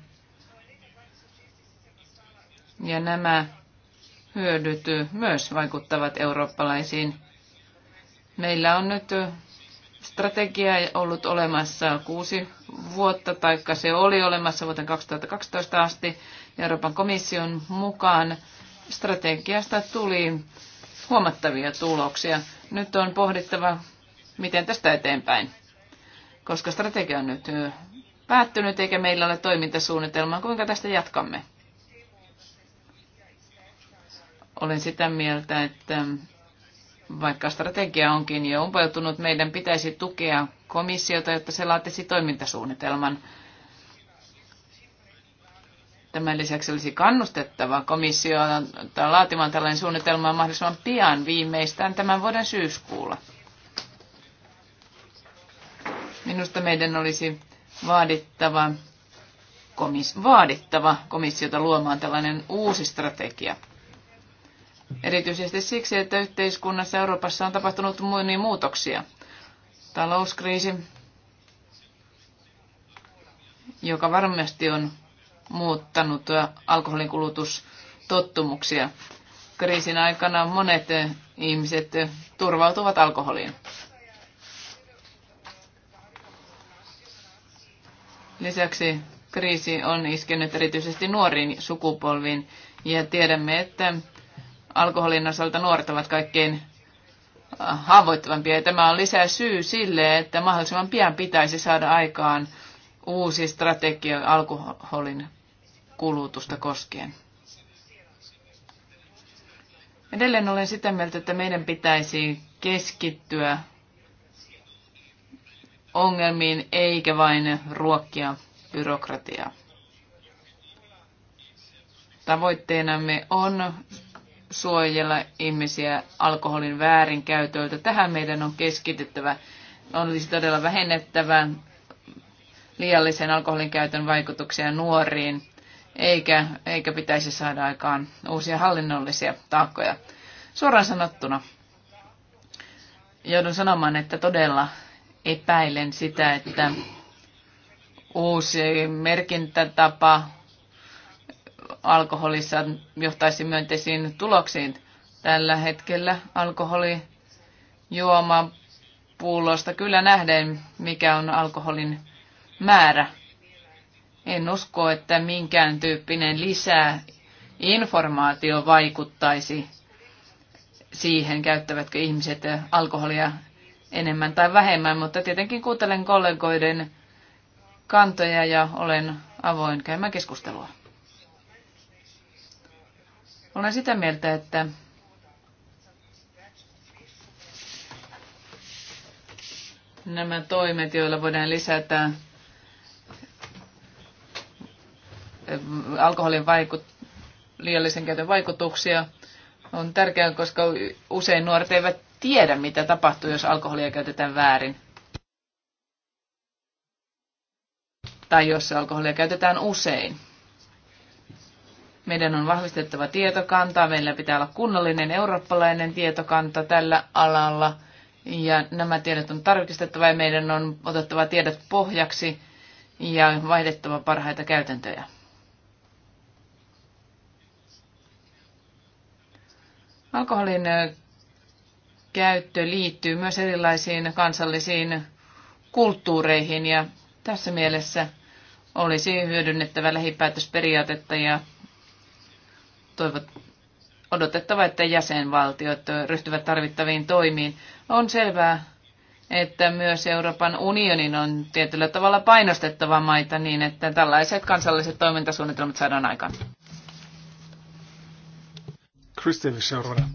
Speaker 2: Ja nämä hyödyt myös vaikuttavat eurooppalaisiin. Meillä on nyt strategia ollut olemassa kuusi vuotta, taikka se oli olemassa vuoteen 2012 asti Euroopan komission mukaan strategiasta tuli huomattavia tuloksia. Nyt on pohdittava, miten tästä eteenpäin, koska strategia on nyt päättynyt eikä meillä ole toimintasuunnitelmaa. Kuinka tästä jatkamme? Olen sitä mieltä, että vaikka strategia onkin jo umpeutunut, meidän pitäisi tukea komissiota, jotta se laatisi toimintasuunnitelman Tämän lisäksi olisi kannustettava komissiota laatimaan tällainen suunnitelma mahdollisimman pian, viimeistään tämän vuoden syyskuulla. Minusta meidän olisi vaadittava, komis, vaadittava komissiota luomaan tällainen uusi strategia. Erityisesti siksi, että yhteiskunnassa Euroopassa on tapahtunut monia muutoksia. Talouskriisi, joka varmasti on muuttanut alkoholin kulutustottumuksia. Kriisin aikana monet ihmiset turvautuvat alkoholiin. Lisäksi kriisi on iskenyt erityisesti nuoriin sukupolviin ja tiedämme, että alkoholin osalta nuoret ovat kaikkein haavoittavampia. Ja tämä on lisää syy sille, että mahdollisimman pian pitäisi saada aikaan uusi strategia alkoholin kulutusta koskien. Edelleen olen sitä mieltä, että meidän pitäisi keskittyä ongelmiin eikä vain ruokkia byrokratiaa. Tavoitteenamme on suojella ihmisiä alkoholin väärinkäytöltä. Tähän meidän on keskityttävä. On siis todella vähennettävä liiallisen alkoholin käytön vaikutuksia nuoriin eikä, eikä pitäisi saada aikaan uusia hallinnollisia taakkoja. Suoraan sanottuna joudun sanomaan, että todella epäilen sitä, että uusi merkintätapa alkoholissa johtaisi myönteisiin tuloksiin. Tällä hetkellä alkoholi juoma pullosta kyllä nähden, mikä on alkoholin määrä. En usko, että minkään tyyppinen lisää informaatio vaikuttaisi siihen, käyttävätkö ihmiset alkoholia enemmän tai vähemmän, mutta tietenkin kuuntelen kollegoiden kantoja ja olen avoin käymään keskustelua. Olen sitä mieltä, että nämä toimet, joilla voidaan lisätä alkoholin vaikut, liiallisen käytön vaikutuksia on tärkeää, koska usein nuoret eivät tiedä, mitä tapahtuu, jos alkoholia käytetään väärin. Tai jos alkoholia käytetään usein. Meidän on vahvistettava tietokantaa, meillä pitää olla kunnollinen eurooppalainen tietokanta tällä alalla. Ja nämä tiedot on tarkistettava ja meidän on otettava tiedot pohjaksi ja vaihdettava parhaita käytäntöjä. Alkoholin käyttö liittyy myös erilaisiin kansallisiin kulttuureihin ja tässä mielessä olisi hyödynnettävä lähipäätösperiaatetta ja toivot, odotettava, että jäsenvaltiot ryhtyvät tarvittaviin toimiin. On selvää, että myös Euroopan unionin on tietyllä tavalla painostettava maita niin, että tällaiset kansalliset toimintasuunnitelmat saadaan aikaan.
Speaker 1: Kristianis seuraavana.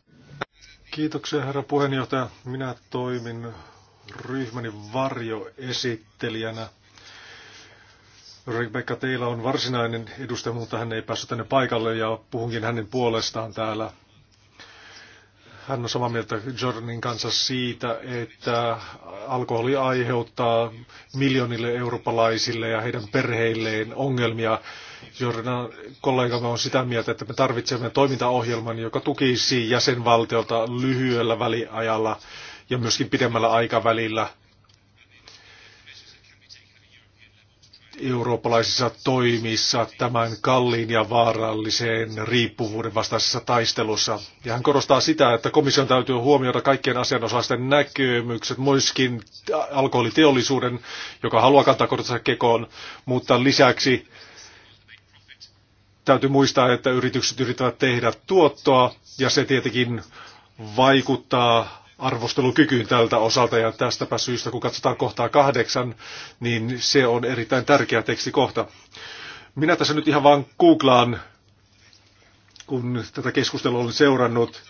Speaker 1: Kiitoksia herra puheenjohtaja. Minä toimin ryhmäni varjoesittelijänä. Rebecca, teillä on varsinainen edustaja, mutta hän ei päässyt tänne paikalle ja puhunkin hänen puolestaan täällä. Hän on samaa mieltä Jordanin kanssa siitä, että alkoholi aiheuttaa miljoonille eurooppalaisille ja heidän perheilleen ongelmia Jordan kollegamme on sitä mieltä, että me tarvitsemme toimintaohjelman, joka tukisi jäsenvaltiota lyhyellä väliajalla ja myöskin pidemmällä aikavälillä eurooppalaisissa toimissa tämän kalliin ja vaaralliseen riippuvuuden vastaisessa taistelussa. Ja hän korostaa sitä, että komission täytyy huomioida kaikkien asianosaisten näkemykset, myöskin alkoholiteollisuuden, joka haluaa kantaa kortensa kekoon, mutta lisäksi täytyy muistaa, että yritykset yrittävät tehdä tuottoa ja se tietenkin vaikuttaa arvostelukykyyn tältä osalta ja tästäpä syystä, kun katsotaan kohtaa kahdeksan, niin se on erittäin tärkeä tekstikohta. Minä tässä nyt ihan vaan googlaan, kun tätä keskustelua olen seurannut.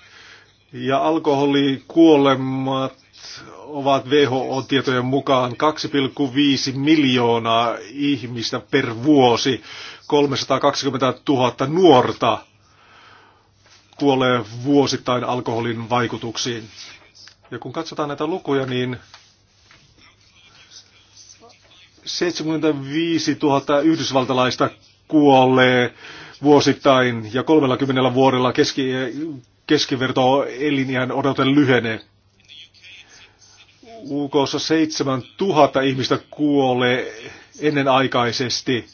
Speaker 1: Ja alkoholikuolemat ovat WHO-tietojen mukaan 2,5 miljoonaa ihmistä per vuosi, 320 000 nuorta kuolee vuosittain alkoholin vaikutuksiin. Ja kun katsotaan näitä lukuja, niin 75 000 yhdysvaltalaista kuolee vuosittain ja 30 vuodella keski, keskiverto eliniän odote lyhenee. UKssa 7000 ihmistä kuolee ennenaikaisesti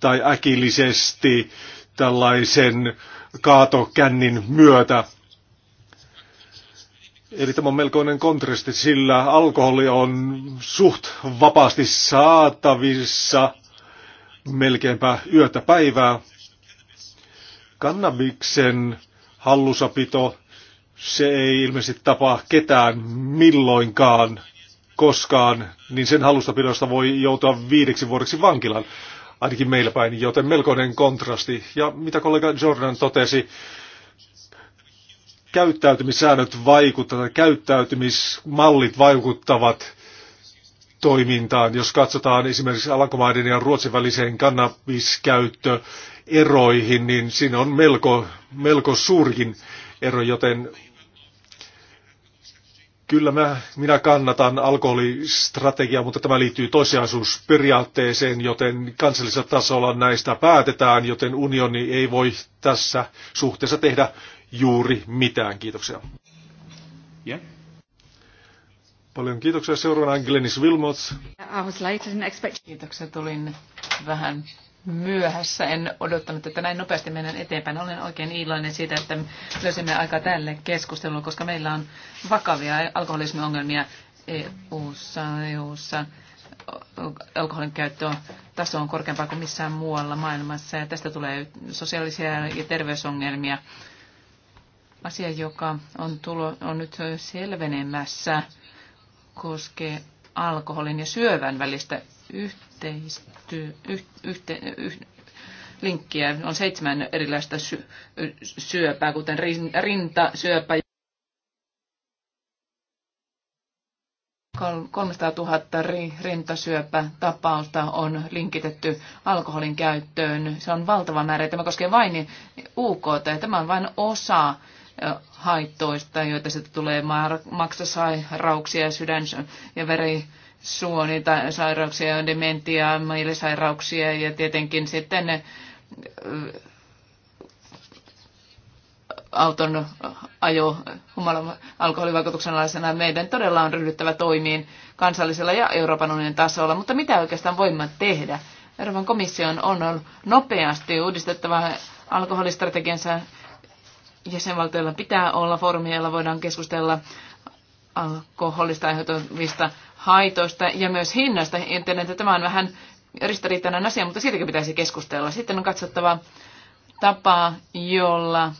Speaker 1: tai äkillisesti tällaisen kaatokännin myötä. Eli tämä on melkoinen kontrasti, sillä alkoholi on suht vapaasti saatavissa melkeinpä yötä päivää. Kannabiksen hallusapito, se ei ilmeisesti tapa ketään milloinkaan koskaan, niin sen halustapidosta voi joutua viideksi vuodeksi vankilan, ainakin meillä päin, joten melkoinen kontrasti. Ja mitä kollega Jordan totesi, käyttäytymissäännöt vaikuttavat, käyttäytymismallit vaikuttavat toimintaan. Jos katsotaan esimerkiksi Alankomaiden ja Ruotsin väliseen kannabiskäyttöeroihin, niin siinä on melko, melko suurkin ero, joten Kyllä mä, minä kannatan alkoholistrategiaa, mutta tämä liittyy toisiaisuusperiaatteeseen, joten kansallisella tasolla näistä päätetään, joten unioni ei voi tässä suhteessa tehdä juuri mitään. Kiitoksia. Yeah. Paljon kiitoksia. Seuraavana Glenis Wilmots.
Speaker 2: Kiitoksia. Tulin vähän myöhässä. En odottanut, että näin nopeasti mennään eteenpäin. Olen oikein iloinen siitä, että löysimme aika tälle keskustelulle, koska meillä on vakavia alkoholismiongelmia EU-ssa. EU-ssa alkoholin taso on korkeampaa kuin missään muualla maailmassa ja tästä tulee sosiaalisia ja terveysongelmia. Asia, joka on, tulo, on nyt selvenemässä, koskee alkoholin ja syövän välistä yhteyttä yhteistyö, yh, yhte, yh, linkkiä. On seitsemän erilaista sy, syöpää, kuten rintasyöpä. 300 000 rintasyöpätapausta on linkitetty alkoholin käyttöön. Se on valtava määrä. Tämä koskee vain UK. -ta. Tämä on vain osa haittoista, joita se tulee maksasairauksia, sydän- ja veri suonisairauksia, dementiaa, mielisairauksia ja tietenkin sitten äh, auton ajo humalan alkoholivaikutuksen alaisena. Meidän todella on ryhdyttävä toimiin kansallisella ja Euroopan unionin tasolla, mutta mitä oikeastaan voimme tehdä? Euroopan komission on nopeasti uudistettava alkoholistrategiansa jäsenvaltioilla pitää olla foorumi, jolla voidaan keskustella alkoholista aiheutuvista haitoista ja myös hinnasta. Tiedän, että tämä on vähän ristiriitainen asia, mutta siitäkin pitäisi keskustella. Sitten on katsottava tapaa, jolla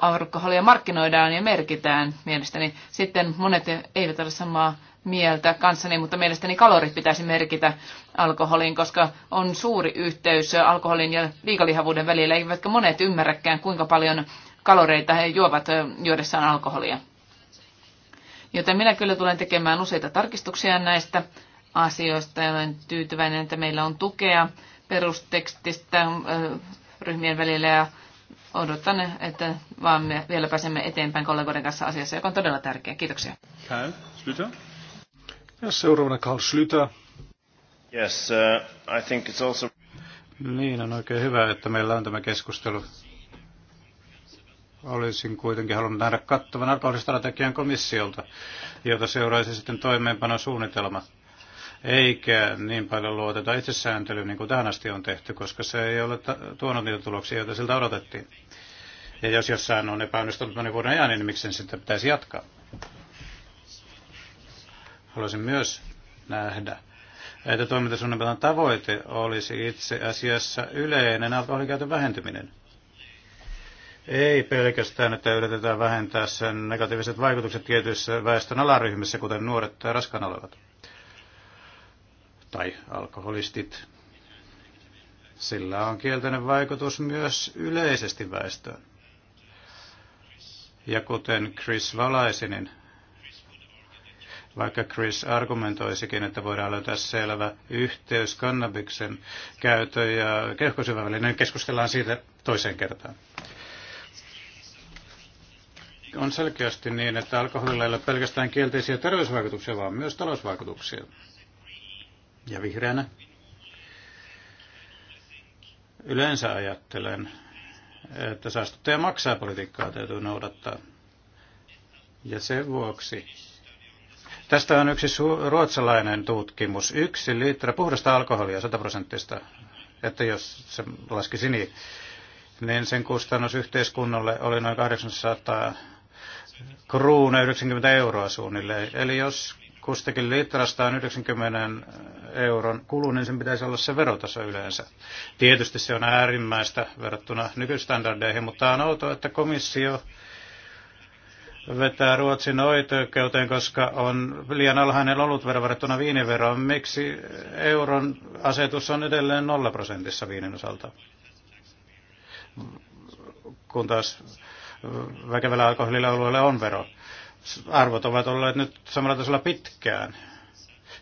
Speaker 2: alkoholia markkinoidaan ja merkitään mielestäni. Sitten monet eivät ole samaa mieltä kanssani, mutta mielestäni kalorit pitäisi merkitä alkoholiin, koska on suuri yhteys alkoholin ja liikalihavuuden välillä, eivätkä monet ymmärräkään, kuinka paljon kaloreita he juovat eh, juodessaan alkoholia. Joten minä kyllä tulen tekemään useita tarkistuksia näistä asioista ja olen tyytyväinen, että meillä on tukea perustekstistä äh, ryhmien välillä ja odotan, että vaan me vielä pääsemme eteenpäin kollegoiden kanssa asiassa, joka on todella tärkeä. Kiitoksia.
Speaker 1: Karl Schlüter. Ja seuraavana Karl Schlüter.
Speaker 3: Yes, uh, I think it's also... Niin, on oikein hyvä, että meillä on tämä keskustelu Olisin kuitenkin halunnut nähdä kattavan alkoholistrategian komissiolta, jota seuraisi sitten toimeenpanosuunnitelma. Eikä niin paljon luoteta itsesääntelyyn niin kuin tähän asti on tehty, koska se ei ole tuonut niitä tuloksia, joita siltä odotettiin. Ja jos jossain on epäonnistunut monen vuoden ajan, niin miksi sitä pitäisi jatkaa? Haluaisin myös nähdä, että toimintasuunnitelman tavoite olisi itse asiassa yleinen alkoholikäytön vähentyminen – ei pelkästään, että yritetään vähentää sen negatiiviset vaikutukset tietyissä väestön alaryhmissä, kuten nuoret tai raskaana olevat. Tai alkoholistit. Sillä on kielteinen vaikutus myös yleisesti väestöön. Ja kuten Chris valaisi, niin vaikka Chris argumentoisikin, että voidaan löytää selvä yhteys kannabiksen käytön ja keuhkosyvän keskustellaan siitä toiseen kertaan on selkeästi niin, että alkoholilla ei ole pelkästään kielteisiä terveysvaikutuksia, vaan myös talousvaikutuksia. Ja vihreänä yleensä ajattelen, että saastuttaja maksaa politiikkaa täytyy noudattaa. Ja sen vuoksi Tästä on yksi ruotsalainen tutkimus. Yksi litra puhdasta alkoholia, 100 prosenttista, että jos se laskisi niin, niin sen kustannus yhteiskunnalle oli noin 800 kruuna 90 euroa suunnilleen. Eli jos kustakin litrasta on 90 euron kulu, niin sen pitäisi olla se verotaso yleensä. Tietysti se on äärimmäistä verrattuna nykystandardeihin, mutta on outoa, että komissio vetää Ruotsin oikeuteen, koska on liian alhainen ollut verrattuna viiniveroon. Miksi euron asetus on edelleen nolla prosentissa viinin osalta? Kun taas väkevällä alkoholilla alueella on vero. Arvot ovat olleet nyt samalla tasolla pitkään.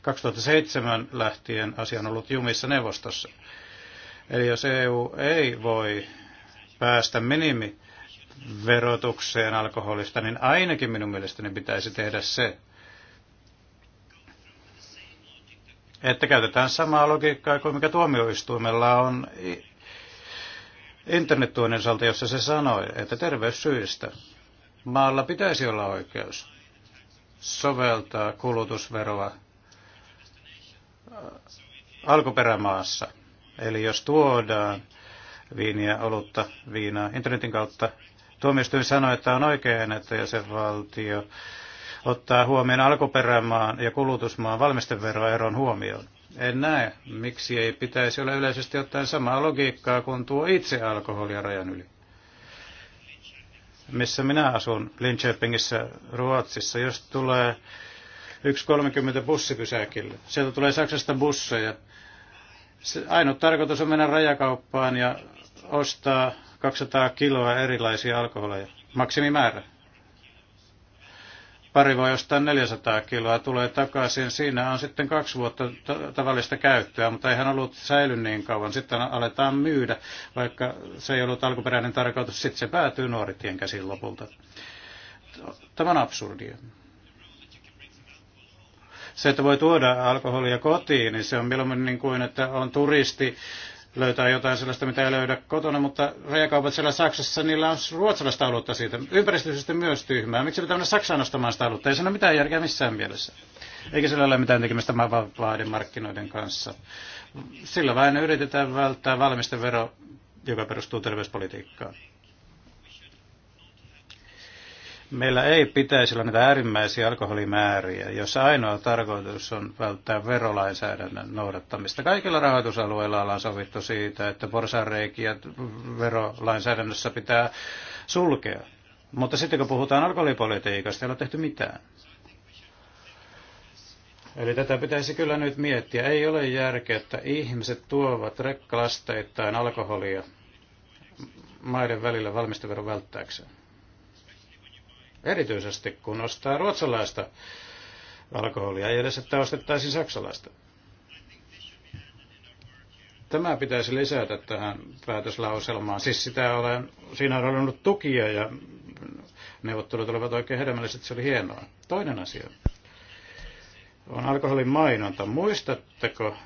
Speaker 3: 2007 lähtien asia on ollut jumissa neuvostossa. Eli jos EU ei voi päästä minimiverotukseen alkoholista, niin ainakin minun mielestäni pitäisi tehdä se, että käytetään samaa logiikkaa kuin mikä tuomioistuimella on internettuonensalta, jossa se sanoi, että terveyssyistä maalla pitäisi olla oikeus soveltaa kulutusveroa äh, alkuperämaassa. Eli jos tuodaan viiniä, olutta, viinaa internetin kautta, tuomioistuin sanoi, että on oikein, että jäsenvaltio ottaa huomioon alkuperämaan ja kulutusmaan valmisteveroeron huomioon. En näe, miksi ei pitäisi olla yleisesti ottaen samaa logiikkaa kuin tuo itse alkoholia rajan yli. Missä minä asun, Linköpingissä, Ruotsissa, jos tulee 1.30 bussipysäkille. Sieltä tulee Saksasta busseja. Se ainut tarkoitus on mennä rajakauppaan ja ostaa 200 kiloa erilaisia alkoholeja. Maksimimäärä pari voi ostaa 400 kiloa, tulee takaisin. Siinä on sitten kaksi vuotta tavallista käyttöä, mutta eihän ollut säily niin kauan. Sitten aletaan myydä, vaikka se ei ollut alkuperäinen tarkoitus. Sitten se päätyy nuoritien käsin lopulta. Tämä on absurdia. Se, että voi tuoda alkoholia kotiin, niin se on mieluummin niin kuin, että on turisti löytää jotain sellaista, mitä ei löydä kotona, mutta rajakaupat siellä Saksassa, niillä on ruotsalaista olutta siitä. Ympäristöisesti myös tyhmää. Miksi pitää mennä Saksaan ostamaan sitä olutta? Ei sano mitään järkeä missään mielessä. Eikä sillä ole mitään tekemistä vapaiden markkinoiden kanssa. Sillä vain yritetään välttää vero, joka perustuu terveyspolitiikkaan. Meillä ei pitäisi olla näitä äärimmäisiä alkoholimääriä, jos ainoa tarkoitus on välttää verolainsäädännön noudattamista. Kaikilla rahoitusalueilla ollaan sovittu siitä, että porsareikiä verolainsäädännössä pitää sulkea. Mutta sitten kun puhutaan alkoholipolitiikasta, ei ole tehty mitään. Eli tätä pitäisi kyllä nyt miettiä. Ei ole järkeä, että ihmiset tuovat rekkalasteittain alkoholia maiden välillä valmisteveron välttääkseen. Erityisesti kun ostaa ruotsalaista alkoholia, ei edes, että ostettaisiin saksalaista. Tämä pitäisi lisätä tähän päätöslauselmaan. Siis sitä olen, siinä on ollut tukia ja neuvottelut olivat oikein hedelmälliset, se oli hienoa. Toinen asia on alkoholin mainonta. Muistatteko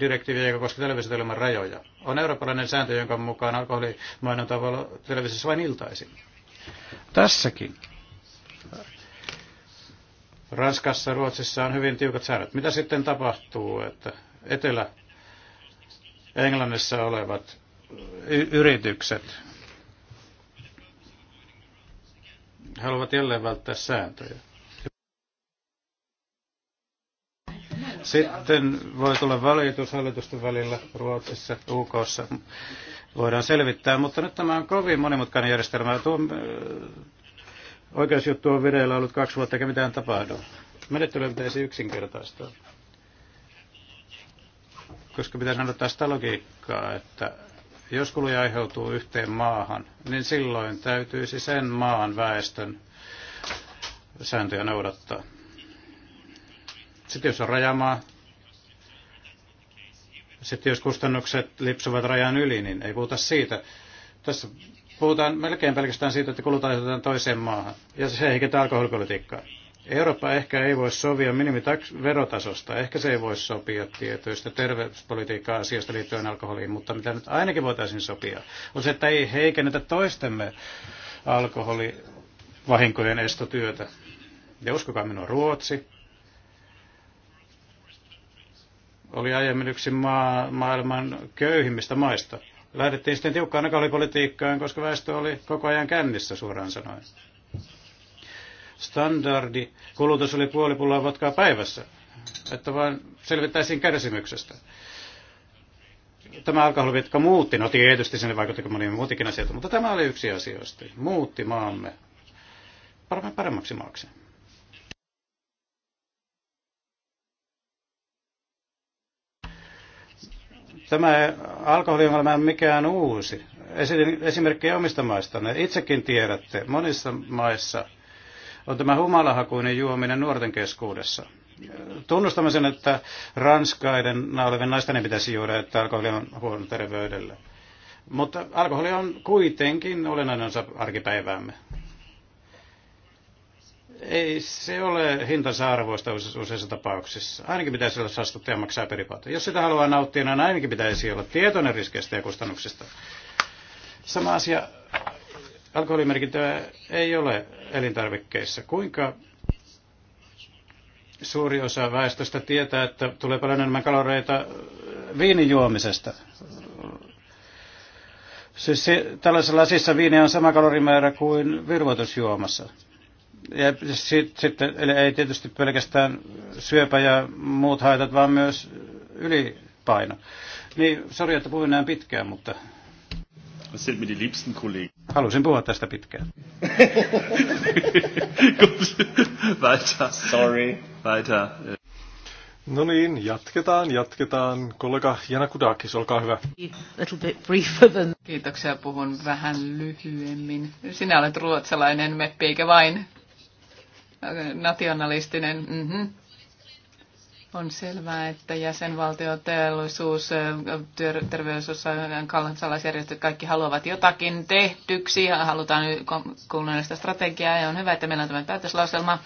Speaker 3: direktiiviä, joka koskee televisiotelman rajoja? On eurooppalainen sääntö, jonka mukaan alkoholimainonta voi olla televisiossa vain iltaisin. Tässäkin Ranskassa, Ruotsissa on hyvin tiukat säännöt. Mitä sitten tapahtuu, että Etelä-Englannissa olevat yritykset haluavat jälleen välttää sääntöjä? Sitten voi tulla valitus hallitusten välillä Ruotsissa, UKssa. Voidaan selvittää, mutta nyt tämä on kovin monimutkainen järjestelmä. Tuo Oikeusjuttu on vireillä ollut kaksi vuotta eikä mitään tapahdu. Menettelyä pitäisi yksinkertaistaa. Koska pitäisi sanoa sitä logiikkaa, että jos kuluja aiheutuu yhteen maahan, niin silloin täytyisi sen maan väestön sääntöjä noudattaa. Sitten jos on rajamaa, sitten jos kustannukset lipsuvat rajan yli, niin ei puhuta siitä. Tässä puhutaan melkein pelkästään siitä, että aiheutetaan toiseen maahan, ja se heikentää alkoholipolitiikkaa. Eurooppa ehkä ei voi sovia minimiverotasosta, ehkä se ei voi sopia tietyistä terveyspolitiikkaa asioista liittyen alkoholiin, mutta mitä nyt ainakin voitaisiin sopia, on se, että ei heikennetä toistemme alkoholivahinkojen estotyötä. Ja uskokaa minua, Ruotsi oli aiemmin yksi maa, maailman köyhimmistä maista lähdettiin sitten tiukkaan näköalipolitiikkaan, koska väestö oli koko ajan kännissä suoraan sanoen. Standardi kulutus oli puoli pulloa vatkaa päivässä, että vain selvittäisiin kärsimyksestä. Tämä alkoholivitka muutti, no tietysti sen vaikutti monia muutikin asioita, mutta tämä oli yksi asioista. Muutti maamme paremmaksi maaksi. Tämä alkoholiongelma on mikään uusi. Esimerkkejä omista maista. Ne itsekin tiedätte. Monissa maissa on tämä humalahakuinen juominen nuorten keskuudessa. Tunnustamme sen, että ranskaiden naulevien naisten ei pitäisi juoda, että alkoholi on huono terveydelle. Mutta alkoholi on kuitenkin olennainen osa arkipäiväämme ei se ole hintansa arvoista useissa tapauksissa. Ainakin pitäisi olla saastuttaja maksaa peripaata. Jos sitä haluaa nauttia, niin ainakin pitäisi olla tietoinen riskeistä ja kustannuksista. Sama asia alkoholimerkintöä ei ole elintarvikkeissa. Kuinka suuri osa väestöstä tietää, että tulee paljon enemmän kaloreita viinin juomisesta? Siis se, tällaisessa lasissa viini on sama kalorimäärä kuin virvoitusjuomassa ja sitten, eli ei tietysti pelkästään syöpä ja muut haitat, vaan myös ylipaino. Niin, sori, että puhuin näin pitkään, mutta... Halusin puhua tästä pitkään. Weiter.
Speaker 1: Sorry. Weiter. No niin, jatketaan, jatketaan. Kollega Jana Kudakis, olkaa hyvä.
Speaker 2: Little bit briefer than... Kiitoksia, puhun vähän lyhyemmin. Sinä olet ruotsalainen meppi, eikä vain nationalistinen. Mm-hmm. On selvää, että jäsenvaltio, teollisuus, terveysosa, kansalaisjärjestöt, kaikki haluavat jotakin tehtyksi halutaan kunnallista strategiaa ja on hyvä, että meillä on tämä päätöslauselma,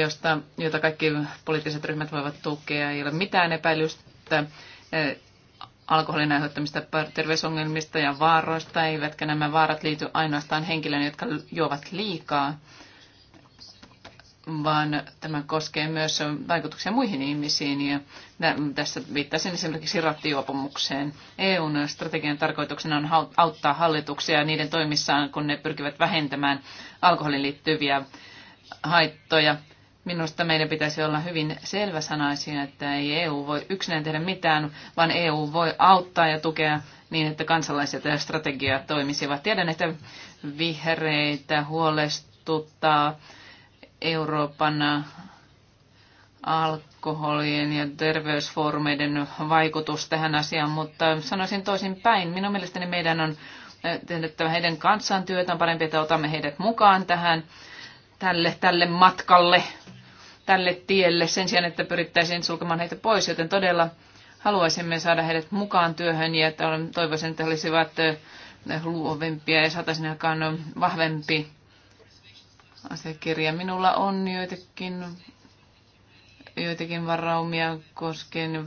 Speaker 2: josta, jota kaikki poliittiset ryhmät voivat tukea. Ei ole mitään epäilystä eh, alkoholin aiheuttamista terveysongelmista ja vaaroista, eivätkä nämä vaarat liity ainoastaan henkilöön, jotka juovat liikaa vaan tämä koskee myös vaikutuksia muihin ihmisiin. Ja tässä viittasin esimerkiksi rattijuopumukseen. EUn strategian tarkoituksena on auttaa hallituksia niiden toimissaan, kun ne pyrkivät vähentämään alkoholin liittyviä haittoja. Minusta meidän pitäisi olla hyvin selväsanaisia, että ei EU voi yksinään tehdä mitään, vaan EU voi auttaa ja tukea niin, että kansalaiset ja strategiat toimisivat. Tiedän, että vihreitä huolestuttaa Euroopan alkoholien ja terveysfoorumeiden vaikutus tähän asiaan, mutta sanoisin toisin päin. Minun mielestäni meidän on tehtävä heidän kanssaan työtä. On parempi, että otamme heidät mukaan tähän, tälle, tälle matkalle, tälle tielle sen sijaan, että pyrittäisiin sulkemaan heitä pois, joten todella haluaisimme saada heidät mukaan työhön ja että toivoisin, että he olisivat luovempia ja saataisiin aikaan vahvempi asiakirja. Minulla on joitakin, joitakin varaumia koskien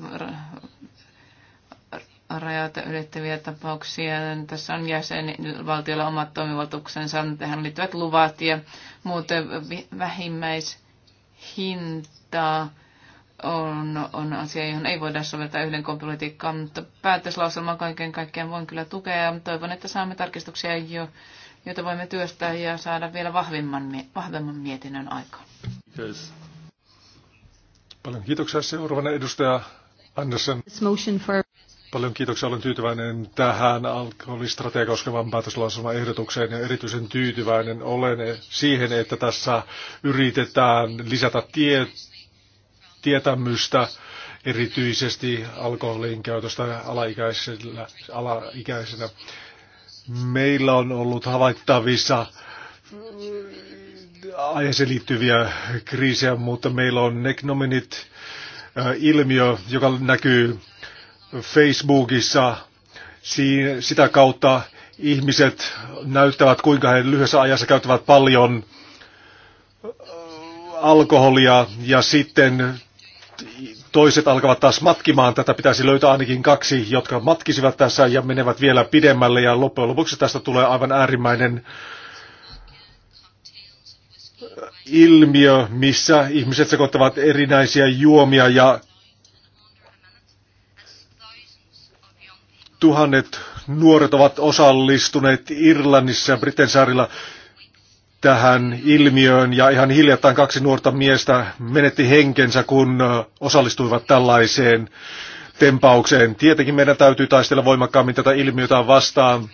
Speaker 2: rajat ylittäviä tapauksia. Tässä on jäsenvaltiolla omat toimivaltuuksensa, tähän liittyvät luvat ja muuten vähimmäishintaa on, on asia, johon ei voida soveltaa yhden politiikkaa, mutta päätöslauselma kaiken kaikkiaan voin kyllä tukea ja toivon, että saamme tarkistuksia, jo, jota voimme työstää ja saada vielä vahvemman, vahvemman mietinnön aikaan.
Speaker 1: Yes. Paljon kiitoksia. Seuraavana edustaja Andersen. Paljon kiitoksia. Olen tyytyväinen tähän alkoholistrategia koskevan päätöslauselman ehdotukseen ja erityisen tyytyväinen olen siihen, että tässä yritetään lisätä tie, tietämystä erityisesti alkoholin käytöstä alaikäisillä, alaikäisenä. Meillä on ollut havaittavissa aiheeseen liittyviä kriisejä, mutta meillä on neknominit ilmiö, joka näkyy Facebookissa. Siin, sitä kautta ihmiset näyttävät, kuinka he lyhyessä ajassa käyttävät paljon alkoholia ja sitten toiset alkavat taas matkimaan. Tätä pitäisi löytää ainakin kaksi, jotka matkisivat tässä ja menevät vielä pidemmälle. Ja loppujen lopuksi tästä tulee aivan äärimmäinen äh, ilmiö, missä ihmiset sekoittavat erinäisiä juomia ja tuhannet nuoret ovat osallistuneet Irlannissa ja Briten saarilla tähän ilmiöön ja ihan hiljattain kaksi nuorta miestä menetti henkensä, kun osallistuivat tällaiseen tempaukseen. Tietenkin meidän täytyy taistella voimakkaammin tätä ilmiötä vastaan.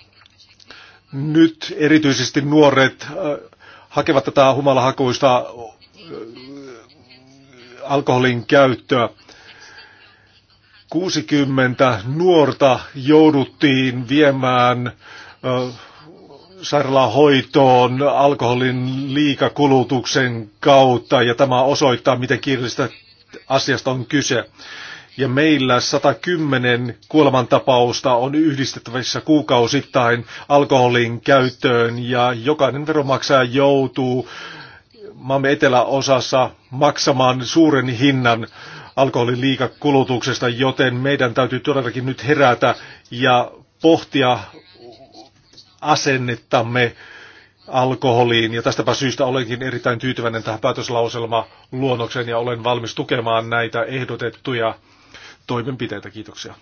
Speaker 1: Nyt erityisesti nuoret hakevat tätä humalahakuista alkoholin käyttöä. 60 nuorta jouduttiin viemään sairaalahoitoon alkoholin liikakulutuksen kautta, ja tämä osoittaa, miten kiireellistä asiasta on kyse. Ja meillä 110 kuolemantapausta on yhdistettävissä kuukausittain alkoholin käyttöön, ja jokainen veromaksaja joutuu maamme eteläosassa maksamaan suuren hinnan alkoholin liikakulutuksesta, joten meidän täytyy todellakin nyt herätä ja pohtia asennettamme alkoholiin. Ja tästäpä syystä olenkin erittäin tyytyväinen tähän päätöslauselma luonnokseen ja olen valmis tukemaan näitä ehdotettuja toimenpiteitä. Kiitoksia.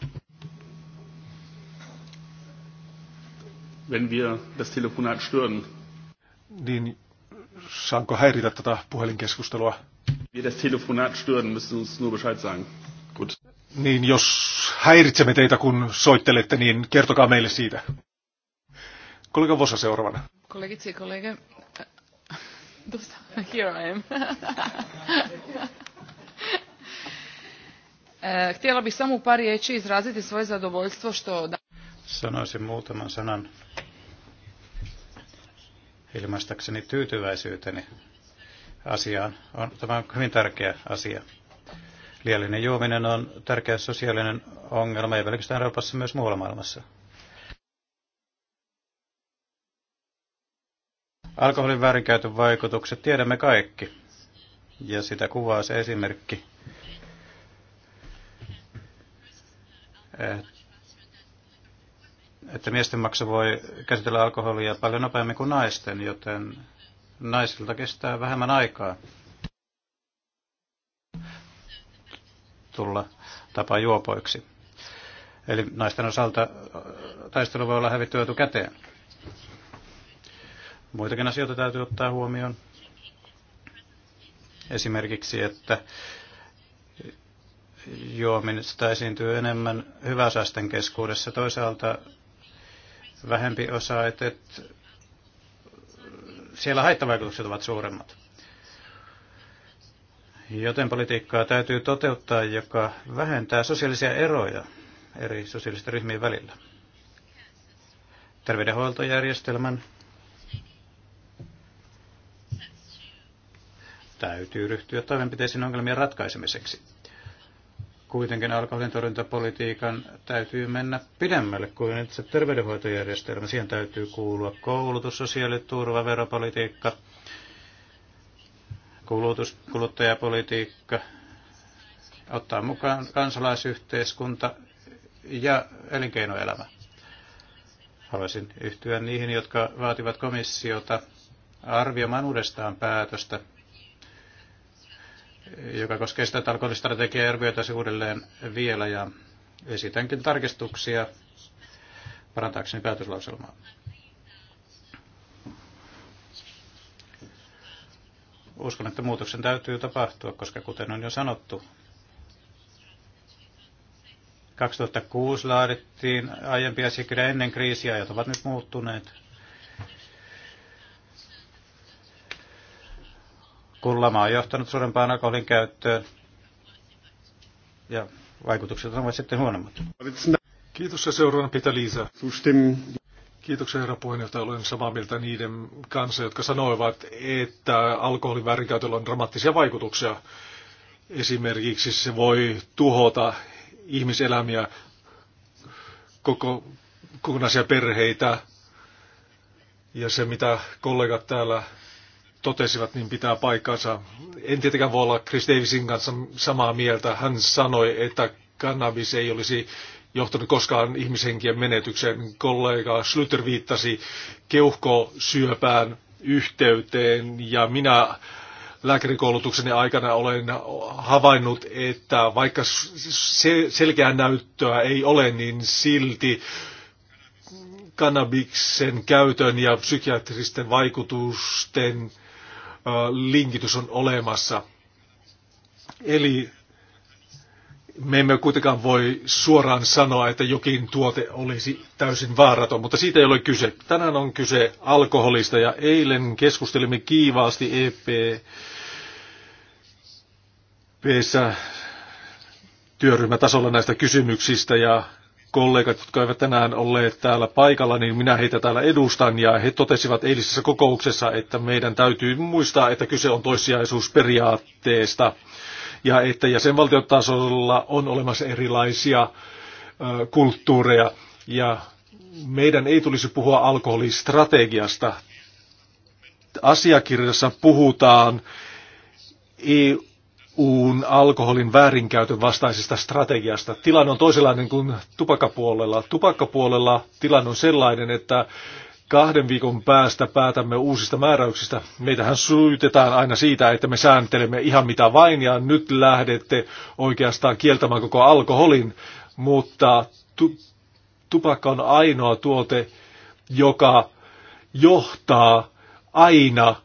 Speaker 1: Wenn wir das Telefonat stören. Niin, saanko häiritä tätä puhelinkeskustelua? Wir das Telefonat stören, müssen uns nur Bescheid sagen. Gut. Niin, jos häiritsemme teitä, kun soittelette, niin kertokaa meille siitä. Kollega
Speaker 2: Vosa seuraavana. Kollegit ja kollega. Dosta, here I am. E, htjela bih samo u par riječi izraziti svoje zadovoljstvo što...
Speaker 3: Sanoisin muutaman sanan ilmaistakseni tyytyväisyyteni asiaan. On, tämä on hyvin tärkeä asia. Liellinen juominen on tärkeä sosiaalinen ongelma, ei pelkästään Euroopassa, myös muualla maailmassa. Alkoholin väärinkäytön vaikutukset tiedämme kaikki. Ja sitä kuvaa se esimerkki, että miesten maksa voi käsitellä alkoholia paljon nopeammin kuin naisten, joten naisilta kestää vähemmän aikaa tulla tapa juopoiksi. Eli naisten osalta taistelu voi olla hävittyä käteen. Muitakin asioita täytyy ottaa huomioon. Esimerkiksi, että juomista esiintyy enemmän hyväosaisten keskuudessa. Toisaalta vähempi osa, että, että siellä haittavaikutukset ovat suuremmat. Joten politiikkaa täytyy toteuttaa, joka vähentää sosiaalisia eroja eri sosiaalisten ryhmien välillä. Terveydenhuoltojärjestelmän täytyy ryhtyä toimenpiteisiin ongelmien ratkaisemiseksi. Kuitenkin alkoholin torjuntapolitiikan täytyy mennä pidemmälle kuin itse terveydenhoitojärjestelmä. Siihen täytyy kuulua koulutus, sosiaaliturva, veropolitiikka, kulutus, kuluttajapolitiikka, ottaa mukaan kansalaisyhteiskunta ja elinkeinoelämä. Haluaisin yhtyä niihin, jotka vaativat komissiota arvioimaan uudestaan päätöstä joka koskee sitä, että alkoholistrategiaa arvioitaisiin uudelleen vielä ja esitänkin tarkistuksia parantaakseni päätöslauselmaa. Uskon, että muutoksen täytyy tapahtua, koska kuten on jo sanottu, 2006 laadittiin aiempia asiakirjoja ennen kriisiä, jotka ovat nyt muuttuneet. kun lama on johtanut suurempaan alkoholin käyttöön ja vaikutukset ovat sitten huonommat.
Speaker 1: Kiitos ja seuraavana pitää Liisa. Kiitoksia herra puheenjohtaja. Olen samaa mieltä niiden kanssa, jotka sanoivat, että alkoholin väärinkäytöllä on dramaattisia vaikutuksia. Esimerkiksi se voi tuhota ihmiselämiä, koko, kokonaisia perheitä. Ja se, mitä kollegat täällä totesivat, niin pitää paikkansa. En tietenkään voi olla Chris Davisin kanssa samaa mieltä. Hän sanoi, että kannabis ei olisi johtanut koskaan ihmishenkien menetykseen. Kollega Schlüter viittasi keuhkosyöpään yhteyteen ja minä lääkärikoulutukseni aikana olen havainnut, että vaikka selkeää näyttöä ei ole, niin silti kannabiksen käytön ja psykiatristen vaikutusten linkitys on olemassa. Eli me emme kuitenkaan voi suoraan sanoa, että jokin tuote olisi täysin vaaraton, mutta siitä ei ole kyse. Tänään on kyse alkoholista ja eilen keskustelimme kiivaasti EP työryhmätasolla näistä kysymyksistä ja kollegat, jotka eivät tänään olleet täällä paikalla, niin minä heitä täällä edustan ja he totesivat eilisessä kokouksessa, että meidän täytyy muistaa, että kyse on toissijaisuusperiaatteesta ja että jäsenvaltiotasolla on olemassa erilaisia kulttuureja ja meidän ei tulisi puhua alkoholistrategiasta. Asiakirjassa puhutaan EU EUn alkoholin väärinkäytön vastaisesta strategiasta. Tilanne on toisenlainen kuin tupakkapuolella. Tupakkapuolella tilanne on sellainen, että kahden viikon päästä päätämme uusista määräyksistä. Meitähän syytetään aina siitä, että me sääntelemme ihan mitä vain ja nyt lähdette oikeastaan kieltämään koko alkoholin, mutta tu- tupakka on ainoa tuote, joka johtaa aina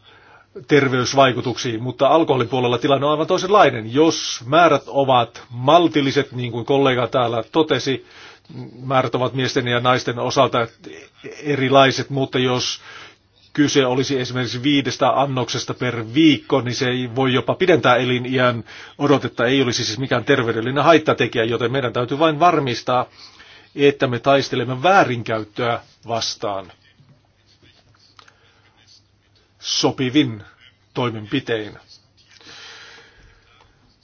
Speaker 1: terveysvaikutuksiin, mutta alkoholin puolella tilanne on aivan toisenlainen. Jos määrät ovat maltilliset, niin kuin kollega täällä totesi, määrät ovat miesten ja naisten osalta erilaiset, mutta jos kyse olisi esimerkiksi viidestä annoksesta per viikko, niin se ei voi jopa pidentää eliniän odotetta, ei olisi siis mikään terveydellinen haittatekijä, joten meidän täytyy vain varmistaa, että me taistelemme väärinkäyttöä vastaan sopivin toimenpitein.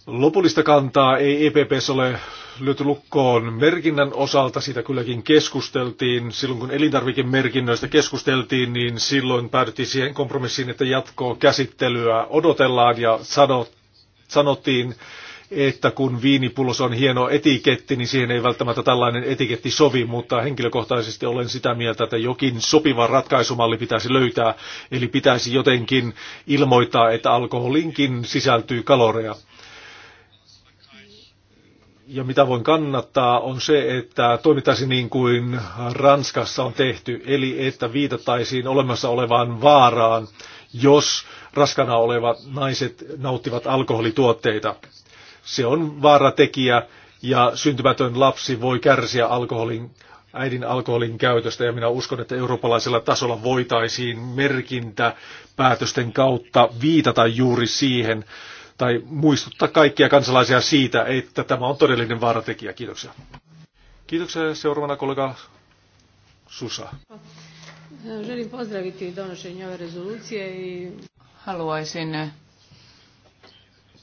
Speaker 1: Lopullista kantaa ei EPPs ole lyöty lukkoon merkinnän osalta, sitä kylläkin keskusteltiin. Silloin kun elintarvikemerkinnöistä keskusteltiin, niin silloin päädyttiin siihen kompromissiin, että jatkoa käsittelyä odotellaan ja sanottiin, että kun viinipullos on hieno etiketti, niin siihen ei välttämättä tällainen etiketti sovi, mutta henkilökohtaisesti olen sitä mieltä, että jokin sopiva ratkaisumalli pitäisi löytää, eli pitäisi jotenkin ilmoittaa, että alkoholinkin sisältyy kaloreja. Ja mitä voin kannattaa on se, että toimittaisiin niin kuin Ranskassa on tehty, eli että viitattaisiin olemassa olevaan vaaraan, jos raskana olevat naiset nauttivat alkoholituotteita. Se on vaaratekijä ja syntymätön lapsi voi kärsiä alkoholin, äidin alkoholin käytöstä ja minä uskon, että eurooppalaisella tasolla voitaisiin merkintä päätösten kautta viitata juuri siihen tai muistuttaa kaikkia kansalaisia siitä, että tämä on todellinen vaaratekijä. Kiitoksia. Kiitoksia seuraavana kollega Susa.
Speaker 2: haluaisin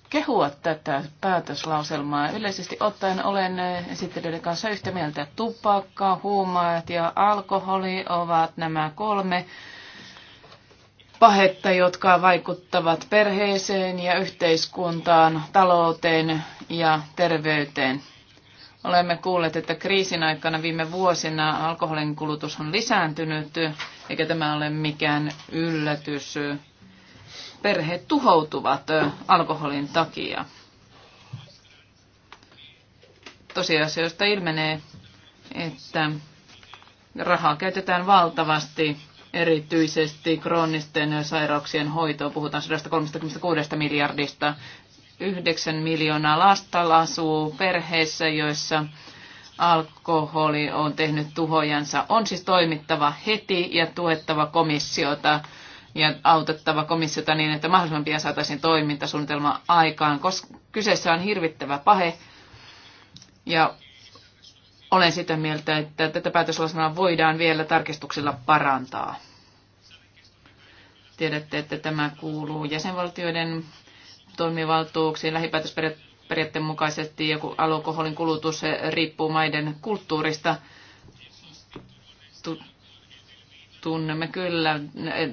Speaker 2: kehua tätä päätöslauselmaa. Yleisesti ottaen olen esittelyiden kanssa yhtä mieltä. Tupakka, huumaat ja alkoholi ovat nämä kolme pahetta, jotka vaikuttavat perheeseen ja yhteiskuntaan, talouteen ja terveyteen. Olemme kuulleet, että kriisin aikana viime vuosina alkoholin kulutus on lisääntynyt, eikä tämä ole mikään yllätys perheet tuhoutuvat alkoholin takia. Tosiasioista ilmenee, että rahaa käytetään valtavasti erityisesti kroonisten sairauksien hoitoon. Puhutaan 136 miljardista. 9 miljoonaa lasta asuu perheissä, joissa alkoholi on tehnyt tuhojansa. On siis toimittava heti ja tuettava komissiota ja autettava komissiota niin, että mahdollisimman pian saataisiin toimintasuunnitelma aikaan, koska kyseessä on hirvittävä pahe. Ja olen sitä mieltä, että tätä päätöslauselmaa voidaan vielä tarkistuksilla parantaa. Tiedätte, että tämä kuuluu jäsenvaltioiden toimivaltuuksiin lähipäätösperiaatteen mukaisesti ja alkoholin kulutus riippuu maiden kulttuurista tunnemme kyllä eh,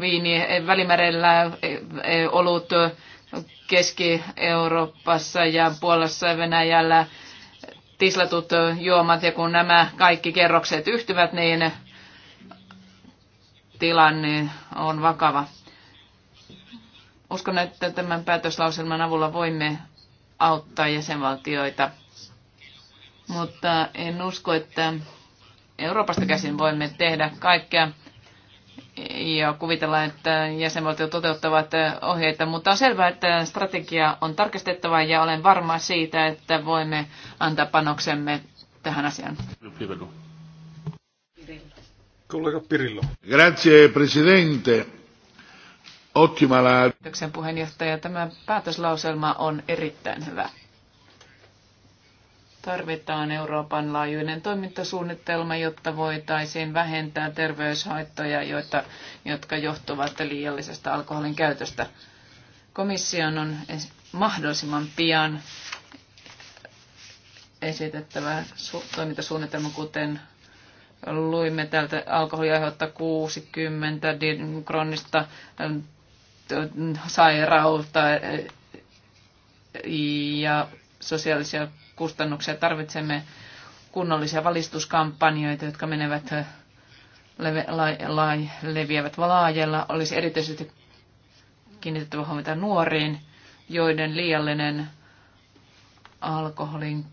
Speaker 2: viini eh, välimerellä, eh, olut Keski-Euroopassa ja Puolassa ja Venäjällä tislatut juomat ja kun nämä kaikki kerrokset yhtyvät, niin tilanne on vakava. Uskon, että tämän päätöslauselman avulla voimme auttaa jäsenvaltioita, mutta en usko, että Euroopasta käsin voimme tehdä kaikkea ja kuvitella, että jäsenvaltiot toteuttavat ohjeita, mutta on selvää, että strategia on tarkistettava ja olen varma siitä, että voimme antaa panoksemme tähän asiaan.
Speaker 1: Pirillo. Kollega Pirillo. Grazie, presidente. Ottima la...
Speaker 2: puheenjohtaja. Tämä päätöslauselma on erittäin hyvä. Tarvitaan Euroopan laajuinen toimintasuunnitelma, jotta voitaisiin vähentää terveyshaittoja, joita, jotka johtuvat liiallisesta alkoholin käytöstä. Komission on mahdollisimman pian esitettävä toimintasuunnitelma, kuten luimme täältä alkoholia aiheuttaa 60 kronista sairautta ja sosiaalisia kustannuksia. Tarvitsemme kunnollisia valistuskampanjoita, jotka menevät leve, lai, lai, leviävät laajalla. Olisi erityisesti kiinnitettävä huomiota nuoriin, joiden liiallinen alkoholin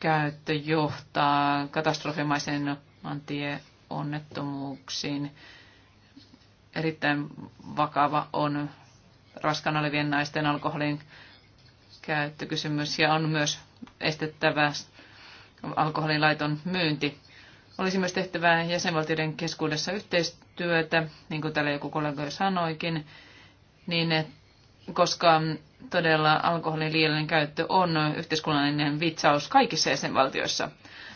Speaker 2: käyttö johtaa katastrofimaisen onnettomuuksiin. Erittäin vakava on raskaana olevien naisten alkoholin käyttökysymys ja on myös estettävä alkoholin laiton myynti. Olisi myös tehtävää jäsenvaltioiden keskuudessa yhteistyötä, niin kuin täällä joku kollega jo sanoikin, niin koska todella alkoholin liiallinen käyttö on yhteiskunnallinen vitsaus kaikissa jäsenvaltioissa.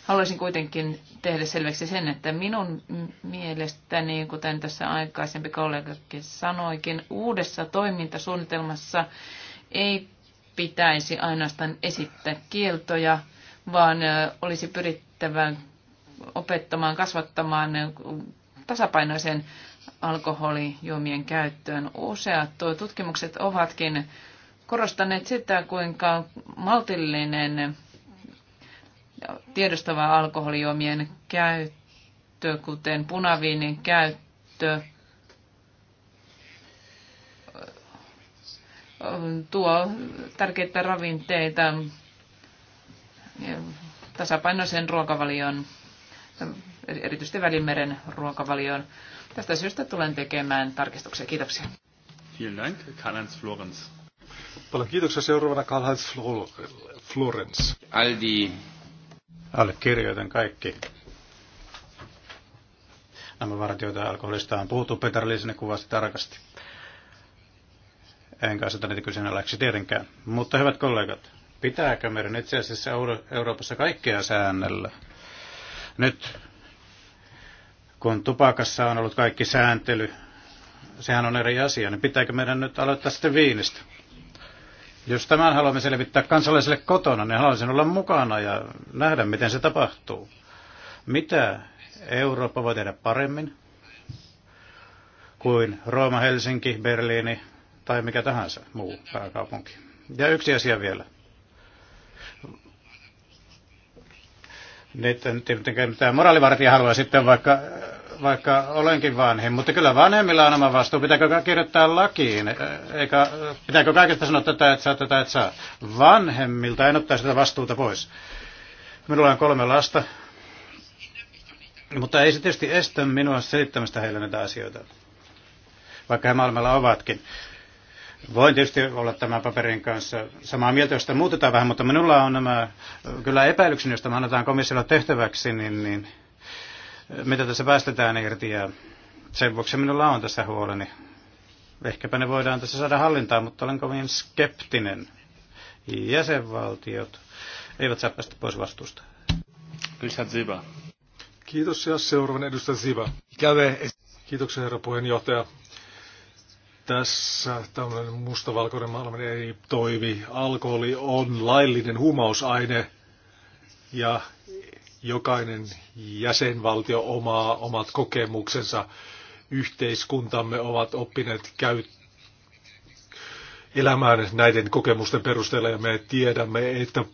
Speaker 2: Haluaisin kuitenkin tehdä selväksi sen, että minun mielestäni, kuten tässä aikaisempi kollegakin sanoikin, uudessa toimintasuunnitelmassa ei pitäisi ainoastaan esittää kieltoja, vaan olisi pyrittävä opettamaan, kasvattamaan tasapainoisen alkoholijuomien käyttöön. Useat tutkimukset ovatkin korostaneet sitä, kuinka maltillinen tiedostava alkoholijuomien käyttö, kuten punaviinin käyttö, tuo tärkeitä ravinteita tasapainoisen ruokavalion, erityisesti Välimeren ruokavalion. Tästä syystä tulen tekemään tarkistuksia. Kiitoksia.
Speaker 3: Vielen Dank, Karl-Heinz Florenz. Paljon kiitoksia seuraavana Karl-Heinz Florenz. Aldi. Allekirjoitan kaikki nämä varat, joita alkoholista on puhuttu. Peter Liisinen kuvasi tarkasti enkä aseta niitä kyseenalaiseksi tietenkään. Mutta hyvät kollegat, pitääkö meidän itse asiassa Euro- Euroopassa kaikkea säännellä? Nyt kun tupakassa on ollut kaikki sääntely, sehän on eri asia, niin pitääkö meidän nyt aloittaa sitten viinistä? Jos tämän haluamme selvittää kansalaisille kotona, niin haluaisin olla mukana ja nähdä, miten se tapahtuu. Mitä Eurooppa voi tehdä paremmin kuin Rooma, Helsinki, Berliini, tai mikä tahansa muu pääkaupunki. Ja yksi asia vielä. en tietenkään mitään moraalivartija haluaa sitten, vaikka, vaikka olenkin vanhi, mutta kyllä vanhemmilla on oma vastuu. Pitääkö kirjoittaa lakiin, eikä, pitääkö kaikesta sanoa tätä, että saa, tätä, että saa. Vanhemmilta en ottaisi sitä vastuuta pois. Minulla on kolme lasta, mutta ei se tietysti estä minua selittämästä heille näitä asioita, vaikka he maailmalla ovatkin. Voin tietysti olla tämän paperin kanssa samaa mieltä, jos sitä muutetaan vähän, mutta minulla on nämä kyllä epäilykseni, joista tämä annetaan komissiolle tehtäväksi, niin, niin mitä tässä päästetään irti. Ja sen vuoksi minulla on tässä huoleni. Ehkäpä ne voidaan tässä saada hallintaan, mutta olen kovin skeptinen. Jäsenvaltiot eivät saa päästä pois vastuusta. Kiitos ja seuraavan edustaja Ziba.
Speaker 1: Kiitoksia herra puheenjohtaja tässä tämmöinen mustavalkoinen maailma ei toimi. Alkoholi on laillinen huumausaine ja jokainen jäsenvaltio omaa omat kokemuksensa. Yhteiskuntamme ovat oppineet käyttämään elämään näiden kokemusten perusteella ja me tiedämme, että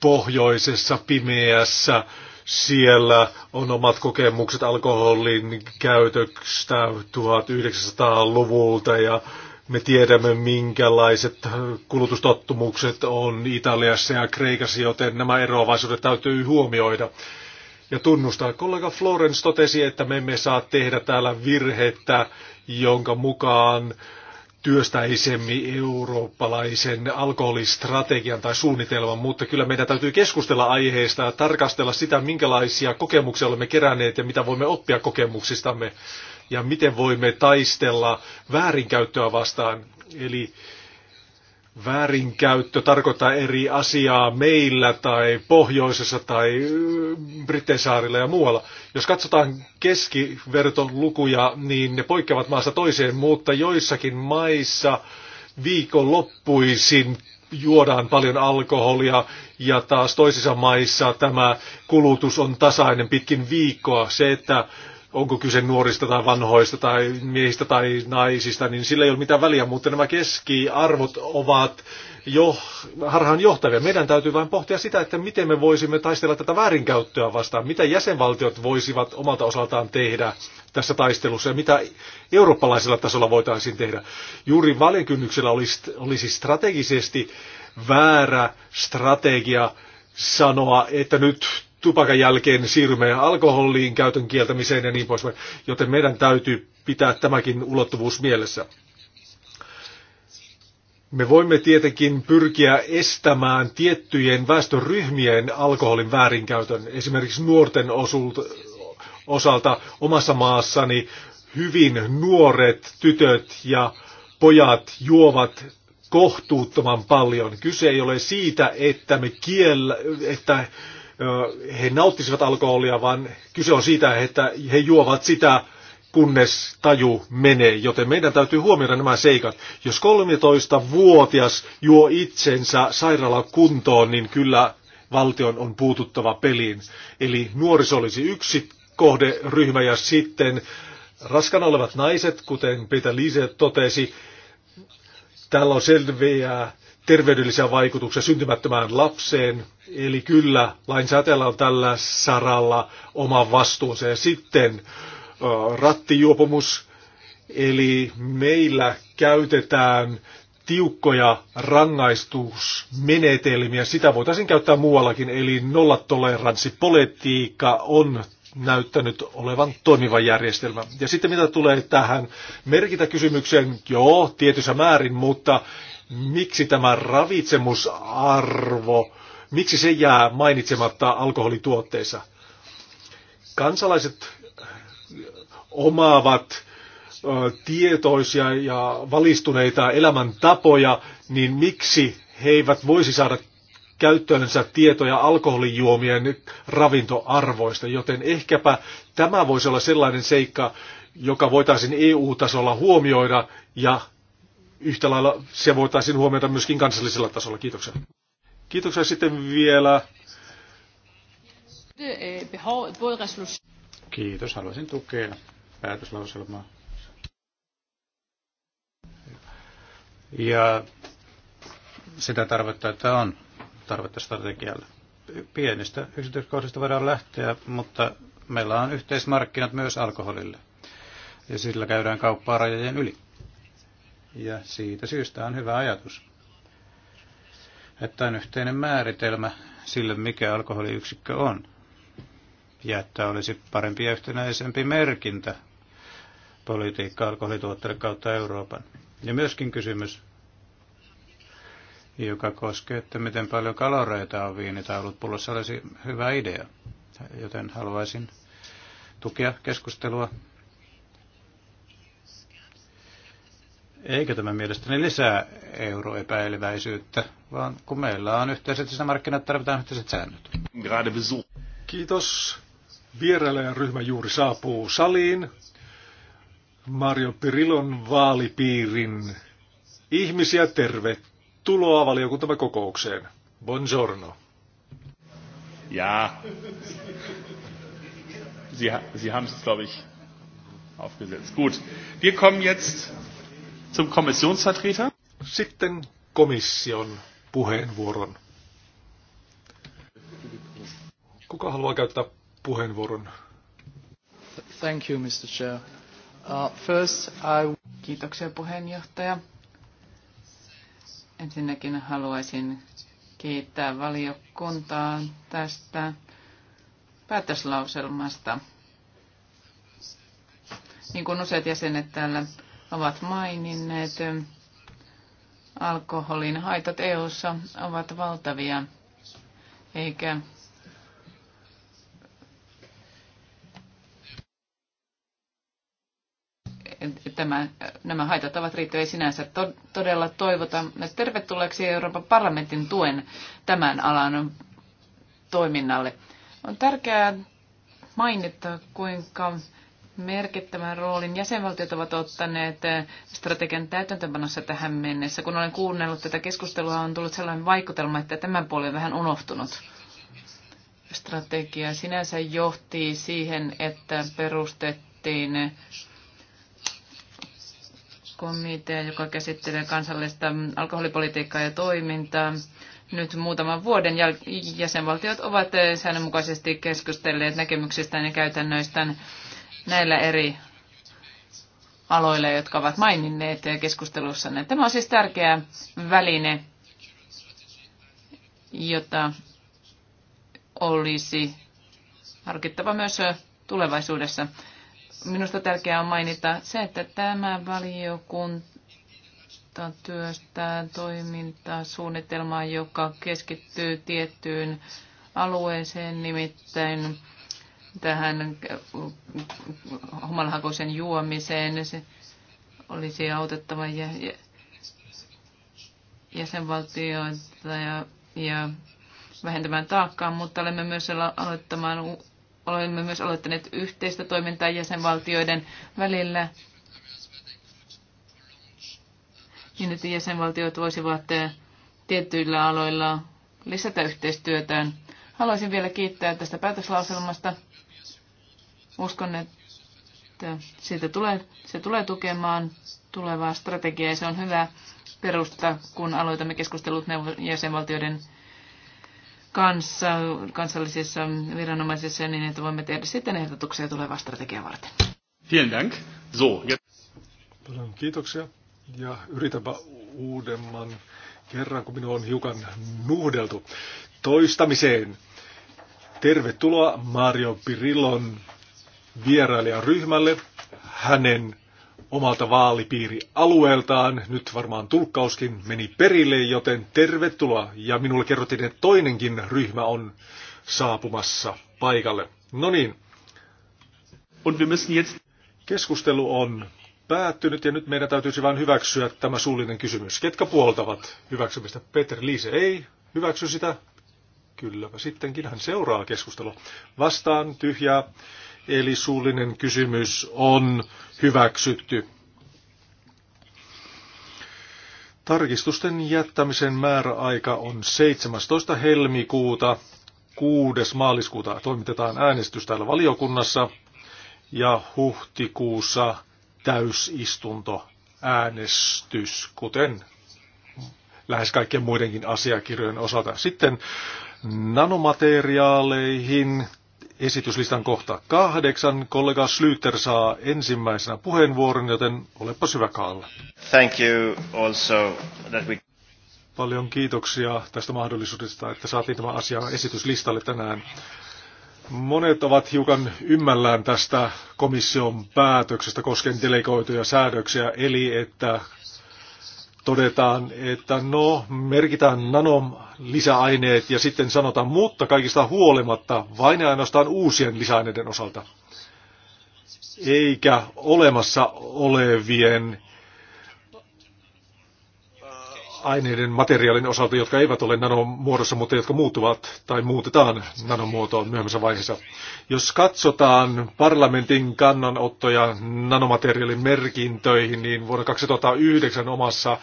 Speaker 1: pohjoisessa pimeässä siellä on omat kokemukset alkoholin käytöstä 1900-luvulta ja me tiedämme, minkälaiset kulutustottumukset on Italiassa ja Kreikassa, joten nämä eroavaisuudet täytyy huomioida ja tunnustaa. Kollega Florence totesi, että me emme saa tehdä täällä virhettä, jonka mukaan työstäisemmin eurooppalaisen alkoholistrategian tai suunnitelman, mutta kyllä meidän täytyy keskustella aiheesta ja tarkastella sitä, minkälaisia kokemuksia olemme keränneet ja mitä voimme oppia kokemuksistamme ja miten voimme taistella väärinkäyttöä vastaan. Eli väärinkäyttö tarkoittaa eri asiaa meillä tai pohjoisessa tai Britteisaarilla ja muualla. Jos katsotaan keskivertolukuja, niin ne poikkeavat maasta toiseen, mutta joissakin maissa viikonloppuisin juodaan paljon alkoholia ja taas toisissa maissa tämä kulutus on tasainen pitkin viikkoa. Se, että onko kyse nuorista tai vanhoista tai miehistä tai naisista, niin sillä ei ole mitään väliä, mutta nämä keskiarvot ovat jo harhaan johtavia. Meidän täytyy vain pohtia sitä, että miten me voisimme taistella tätä väärinkäyttöä vastaan, mitä jäsenvaltiot voisivat omalta osaltaan tehdä tässä taistelussa ja mitä eurooppalaisella tasolla voitaisiin tehdä. Juuri valinkynnyksellä olisi, olisi strategisesti väärä strategia sanoa, että nyt tupakan jälkeen siirrymme alkoholiin, käytön kieltämiseen ja niin poispäin, joten meidän täytyy pitää tämäkin ulottuvuus mielessä. Me voimme tietenkin pyrkiä estämään tiettyjen väestöryhmien alkoholin väärinkäytön, esimerkiksi nuorten osulta, osalta omassa maassani hyvin nuoret tytöt ja pojat juovat kohtuuttoman paljon. Kyse ei ole siitä, että me kiel, että he nauttisivat alkoholia, vaan kyse on siitä, että he juovat sitä, kunnes taju menee, joten meidän täytyy huomioida nämä seikat. Jos 13-vuotias juo itsensä sairaalakuntoon, niin kyllä valtion on puututtava peliin. Eli nuoriso olisi yksi kohderyhmä ja sitten raskana olevat naiset, kuten Peter Liise totesi, täällä on selviä terveydellisiä vaikutuksia syntymättömään lapseen. Eli kyllä lainsäätäjällä on tällä saralla oma vastuunsa. Ja sitten rattijuopumus, eli meillä käytetään tiukkoja rangaistusmenetelmiä. Sitä voitaisiin käyttää muuallakin, eli nollatoleranssipolitiikka on näyttänyt olevan toimiva järjestelmä. Ja sitten mitä tulee tähän merkintäkysymykseen, joo, tietyssä määrin, mutta miksi tämä ravitsemusarvo, miksi se jää mainitsematta alkoholituotteissa? Kansalaiset eh, omaavat eh, tietoisia ja valistuneita elämäntapoja, niin miksi he eivät voisi saada käyttöönsä tietoja alkoholijuomien ravintoarvoista, joten ehkäpä tämä voisi olla sellainen seikka, joka voitaisiin EU-tasolla huomioida ja yhtä lailla se voitaisiin huomioida myöskin kansallisella tasolla. Kiitoksia. Kiitoksia sitten vielä.
Speaker 3: Kiitos, haluaisin tukea päätöslauselmaa. Ja sitä tarvetta, että on tarvetta strategialle. Pienistä yksityiskohdista voidaan lähteä, mutta meillä on yhteismarkkinat myös alkoholille. Ja sillä käydään kauppaa rajojen yli. Ja siitä syystä on hyvä ajatus, että on yhteinen määritelmä sille, mikä alkoholiyksikkö on. Ja että olisi parempi ja yhtenäisempi merkintä politiikka alkoholituotteille kautta Euroopan. Ja myöskin kysymys, joka koskee, että miten paljon kaloreita on viinitaulut pullossa, olisi hyvä idea. Joten haluaisin tukea keskustelua Eikö tämä mielestäni lisää euroepäileväisyyttä, vaan kun meillä on yhteiset sisämarkkinat, tarvitaan yhteiset säännöt. Kiitos. ryhmä juuri saapuu
Speaker 1: saliin. Mario Pirilon vaalipiirin ihmisiä tervetuloa valiokuntamme kokoukseen. Buongiorno. Ja. Sie, Sie haben es, glaube ich, aufgesetzt. Gut. Wir kommen jetzt zum Kommissionsvertreter. Sitten komission puheenvuoron. Kuka haluaa käyttää puheenvuoron?
Speaker 2: Thank you, Mr. Chair. Uh, first I... Kiitoksia puheenjohtaja. Ensinnäkin haluaisin kiittää valiokuntaa tästä päätöslauselmasta. Niin kuin useat jäsenet täällä ovat maininneet, alkoholin haitat EU:ssa ovat valtavia, eikä tämä, nämä haitat ovat riittäviä sinänsä. Todella toivotan tervetulleeksi Euroopan parlamentin tuen tämän alan toiminnalle. On tärkeää mainita, kuinka merkittävän roolin jäsenvaltiot ovat ottaneet eh, strategian täytäntöpanossa tähän mennessä. Kun olen kuunnellut tätä keskustelua, on tullut sellainen vaikutelma, että tämä puoli on vähän unohtunut. Strategia sinänsä johti siihen, että perustettiin komitea, joka käsittelee kansallista alkoholipolitiikkaa ja toimintaa. Nyt muutaman vuoden jäsenvaltiot ovat eh, säännönmukaisesti keskustelleet näkemyksistään ja käytännöistään näillä eri aloilla, jotka ovat maininneet keskustelussa. Tämä on siis tärkeä väline, jota olisi harkittava myös tulevaisuudessa. Minusta tärkeää on mainita se, että tämä valiokunta työstää toimintasuunnitelmaa, joka keskittyy tiettyyn alueeseen, nimittäin tähän humalahakoisen juomiseen. Se olisi autettava jä, jäsenvaltioita ja, ja vähentämään taakkaa, mutta olemme myös aloittamaan olemme myös aloittaneet yhteistä toimintaa jäsenvaltioiden välillä niin, että jäsenvaltiot voisivat eh, tietyillä aloilla lisätä yhteistyötään. Haluaisin vielä kiittää tästä päätöslauselmasta. Uskon, että siitä tulee, se tulee tukemaan tulevaa strategiaa ja se on hyvä perusta, kun aloitamme keskustelut jäsenvaltioiden kanssa, kansallisissa viranomaisissa niin, että voimme tehdä sitten ehdotuksia tulevaa strategiaa varten.
Speaker 1: Vielen dank. So, Paljon kiitoksia ja yritänpä uudemman kerran, kun minua on hiukan nuhdeltu. Toistamiseen. Tervetuloa Mario Pirillon vierailijaryhmälle hänen omalta vaalipiirialueeltaan. Nyt varmaan tulkkauskin meni perille, joten tervetuloa. Ja minulle kerrottiin, että toinenkin ryhmä on saapumassa paikalle. No niin. Keskustelu on päättynyt ja nyt meidän täytyisi vain hyväksyä tämä suullinen kysymys. Ketkä puoltavat hyväksymistä? Peter Liise ei hyväksy sitä. Kylläpä sittenkin hän seuraa keskustelua. Vastaan tyhjää eli suullinen kysymys on hyväksytty. Tarkistusten jättämisen määräaika on 17. helmikuuta. 6. maaliskuuta toimitetaan äänestys täällä valiokunnassa ja huhtikuussa täysistunto äänestys, kuten lähes kaikkien muidenkin asiakirjojen osalta. Sitten nanomateriaaleihin esityslistan kohta kahdeksan. Kollega Slyter saa ensimmäisenä puheenvuoron, joten olepa hyvä Kaalla. Thank you also that we... Paljon kiitoksia tästä mahdollisuudesta, että saatiin tämä asia esityslistalle tänään. Monet ovat hiukan ymmällään tästä komission päätöksestä koskien delegoituja säädöksiä, eli että todetaan, että no, merkitään nanolisäaineet ja sitten sanotaan, mutta kaikista huolimatta vain ja ainoastaan uusien lisäaineiden osalta, eikä olemassa olevien aineiden materiaalin osalta, jotka eivät ole nanomuodossa, mutta jotka muuttuvat tai muutetaan nanomuotoon myöhemmässä vaiheessa. Jos katsotaan parlamentin kannanottoja nanomateriaalin merkintöihin, niin vuonna 2009 omassa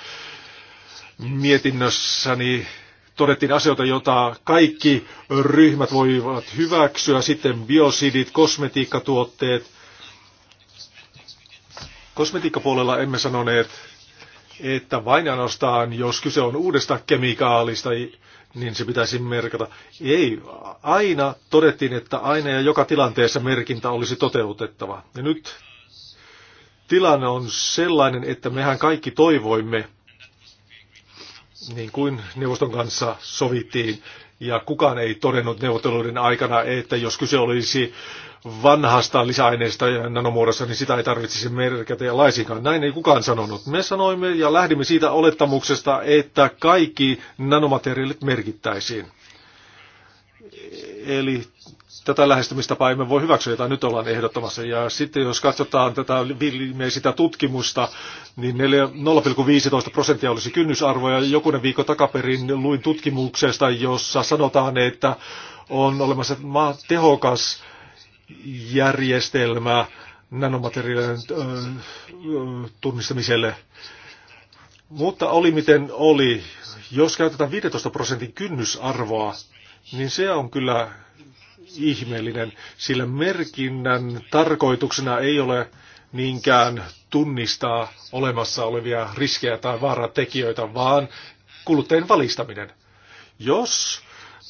Speaker 1: mietinnössäni todettiin asioita, joita kaikki ryhmät voivat hyväksyä. Sitten biosidit, kosmetiikkatuotteet. Kosmetiikkapuolella emme sanoneet että vain ainoastaan, jos kyse on uudesta kemikaalista, niin se pitäisi merkata. Ei, aina todettiin, että aina ja joka tilanteessa merkintä olisi toteutettava. Ja nyt tilanne on sellainen, että mehän kaikki toivoimme, niin kuin neuvoston kanssa sovittiin, ja kukaan ei todennut neuvotteluiden aikana, että jos kyse olisi vanhasta lisäaineesta ja nanomuodossa, niin sitä ei tarvitsisi merkätä ja laisinkaan. Näin ei kukaan sanonut. Me sanoimme ja lähdimme siitä olettamuksesta, että kaikki nanomateriaalit merkittäisiin. Eli tätä lähestymistapaa emme voi hyväksyä, jota nyt ollaan ehdottamassa. Ja sitten jos katsotaan tätä sitä tutkimusta, niin 0,15 prosenttia olisi kynnysarvo. Ja jokunen viikko takaperin luin tutkimuksesta, jossa sanotaan, että on olemassa tehokas järjestelmä nanomateriaalien tunnistamiselle. Mutta oli miten oli. Jos käytetään 15 prosentin kynnysarvoa, niin se on kyllä ihmeellinen, sillä merkinnän tarkoituksena ei ole niinkään tunnistaa olemassa olevia riskejä tai vaaratekijöitä, vaan kuluttajien valistaminen. Jos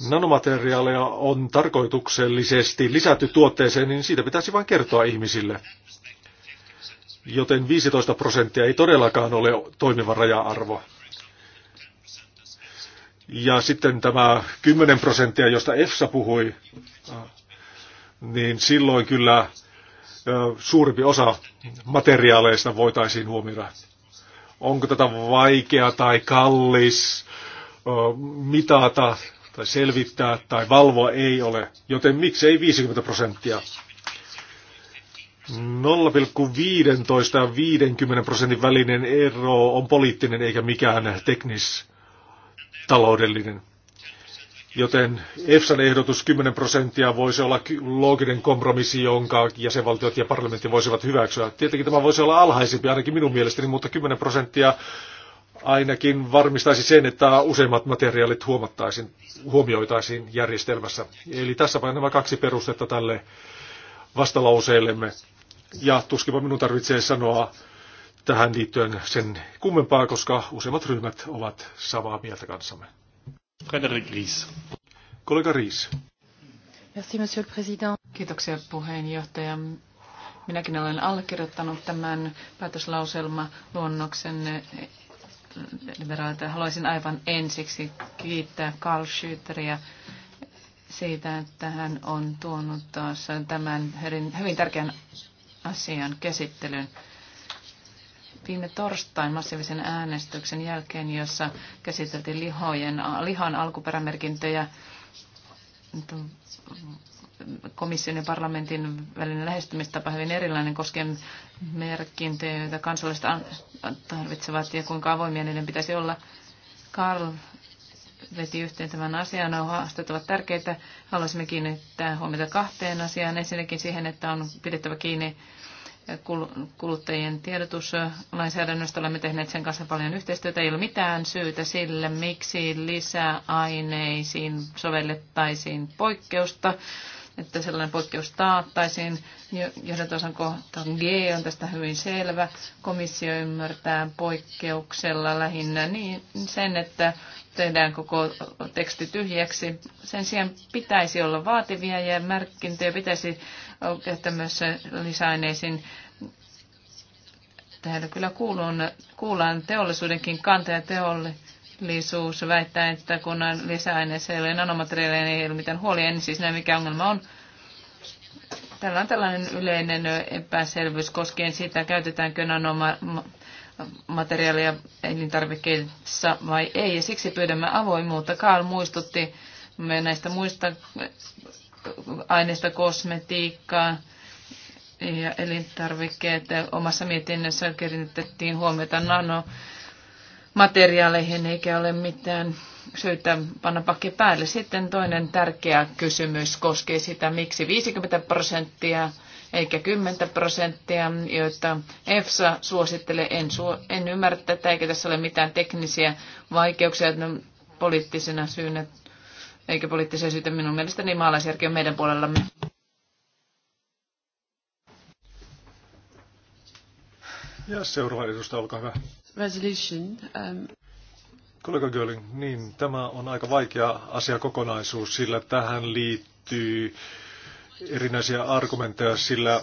Speaker 1: nanomateriaaleja on tarkoituksellisesti lisätty tuotteeseen, niin siitä pitäisi vain kertoa ihmisille. Joten 15 prosenttia ei todellakaan ole toimiva raja-arvo. Ja sitten tämä 10 prosenttia, josta EFSA puhui, niin silloin kyllä suurimpi osa materiaaleista voitaisiin huomioida. Onko tätä vaikea tai kallis mitata tai selvittää tai valvoa ei ole, joten miksei 50 prosenttia? 0,15 ja 50 prosentin välinen ero on poliittinen eikä mikään teknis-taloudellinen. Joten EFSAn ehdotus 10 prosenttia voisi olla looginen kompromissi, jonka jäsenvaltiot ja parlamentti voisivat hyväksyä. Tietenkin tämä voisi olla alhaisempi ainakin minun mielestäni, mutta 10 prosenttia ainakin varmistaisi sen, että useimmat materiaalit huomattaisiin, huomioitaisiin järjestelmässä. Eli tässä vain nämä kaksi perustetta tälle vastalauseellemme. Ja tuskinpa minun tarvitsee sanoa tähän liittyen sen kummempaa, koska useimmat ryhmät ovat samaa mieltä kanssamme. Frederik Ries. Kollega Ries.
Speaker 2: Merci, monsieur le président. Kiitoksia puheenjohtaja. Minäkin olen allekirjoittanut tämän päätöslauselma luonnoksen Haluaisin aivan ensiksi kiittää Carl Schüteriä siitä, että hän on tuonut taas tämän hyvin tärkeän asian käsittelyn viime torstain massiivisen äänestyksen jälkeen, jossa käsiteltiin lihojen, lihan alkuperämerkintöjä komission ja parlamentin välinen lähestymistapa hyvin erilainen koskien merkintöjä, joita kansalaiset tarvitsevat ja kuinka avoimia niiden pitäisi olla. Karl veti yhteen tämän asian. Nämä haasteet ovat tärkeitä. Haluaisimme kiinnittää huomiota kahteen asiaan. Ensinnäkin siihen, että on pidettävä kiinni kuluttajien tiedotuslainsäädännöstä. Olemme tehneet sen kanssa paljon yhteistyötä. Ei ole mitään syytä sille, miksi lisäaineisiin sovellettaisiin poikkeusta että sellainen poikkeus taattaisiin. Johdantosan G on tästä hyvin selvä. Komissio ymmärtää poikkeuksella lähinnä niin sen, että tehdään koko teksti tyhjäksi. Sen sijaan pitäisi olla vaativia ja merkintöjä pitäisi käyttää myös lisäaineisiin täällä kyllä kuulun, kuullaan teollisuudenkin kanta ja teolle, mahdollisuus väittää, että kun on ei ole nanomateriaaleja, niin ei ole mitään huolia. En niin siis näe, mikä ongelma on. Tällä on tällainen yleinen epäselvyys koskien sitä, käytetäänkö nanomateriaalia elintarvikkeissa vai ei. Ja siksi pyydämme avoimuutta. Karl muistutti me näistä muista aineista kosmetiikkaa ja elintarvikkeet. Omassa mietinnössä kiinnitettiin huomiota nano materiaaleihin eikä ole mitään syytä panna pakki päälle. Sitten toinen tärkeä kysymys koskee sitä, miksi 50 prosenttia eikä 10 prosenttia, joita EFSA suosittelee. En, suo, en ymmärrä tätä, eikä tässä ole mitään teknisiä vaikeuksia no, poliittisena syynä, eikä poliittisia syytä minun mielestäni niin maalaisjärki on meidän puolellamme.
Speaker 1: Ja seuraava edustaja, olkaa hyvä
Speaker 2: resolution. Um...
Speaker 1: Kollega Göling, niin tämä on aika vaikea asia kokonaisuus, sillä tähän liittyy erinäisiä argumentteja, sillä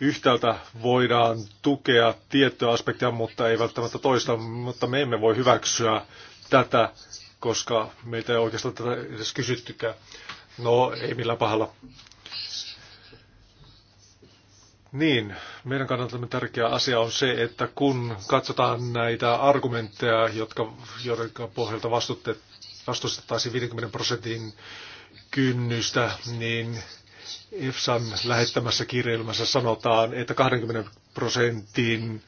Speaker 1: yhtäältä voidaan tukea tiettyä aspektia, mutta ei välttämättä toista, mutta me emme voi hyväksyä tätä, koska meitä ei oikeastaan tätä edes kysyttykään. No, ei millään pahalla. Niin, meidän kannaltamme tärkeä asia on se, että kun katsotaan näitä argumentteja, jotka, joiden pohjalta vastustettaisiin 50 prosentin kynnystä, niin EFSAn lähettämässä kirjelmässä sanotaan, että 20 prosentin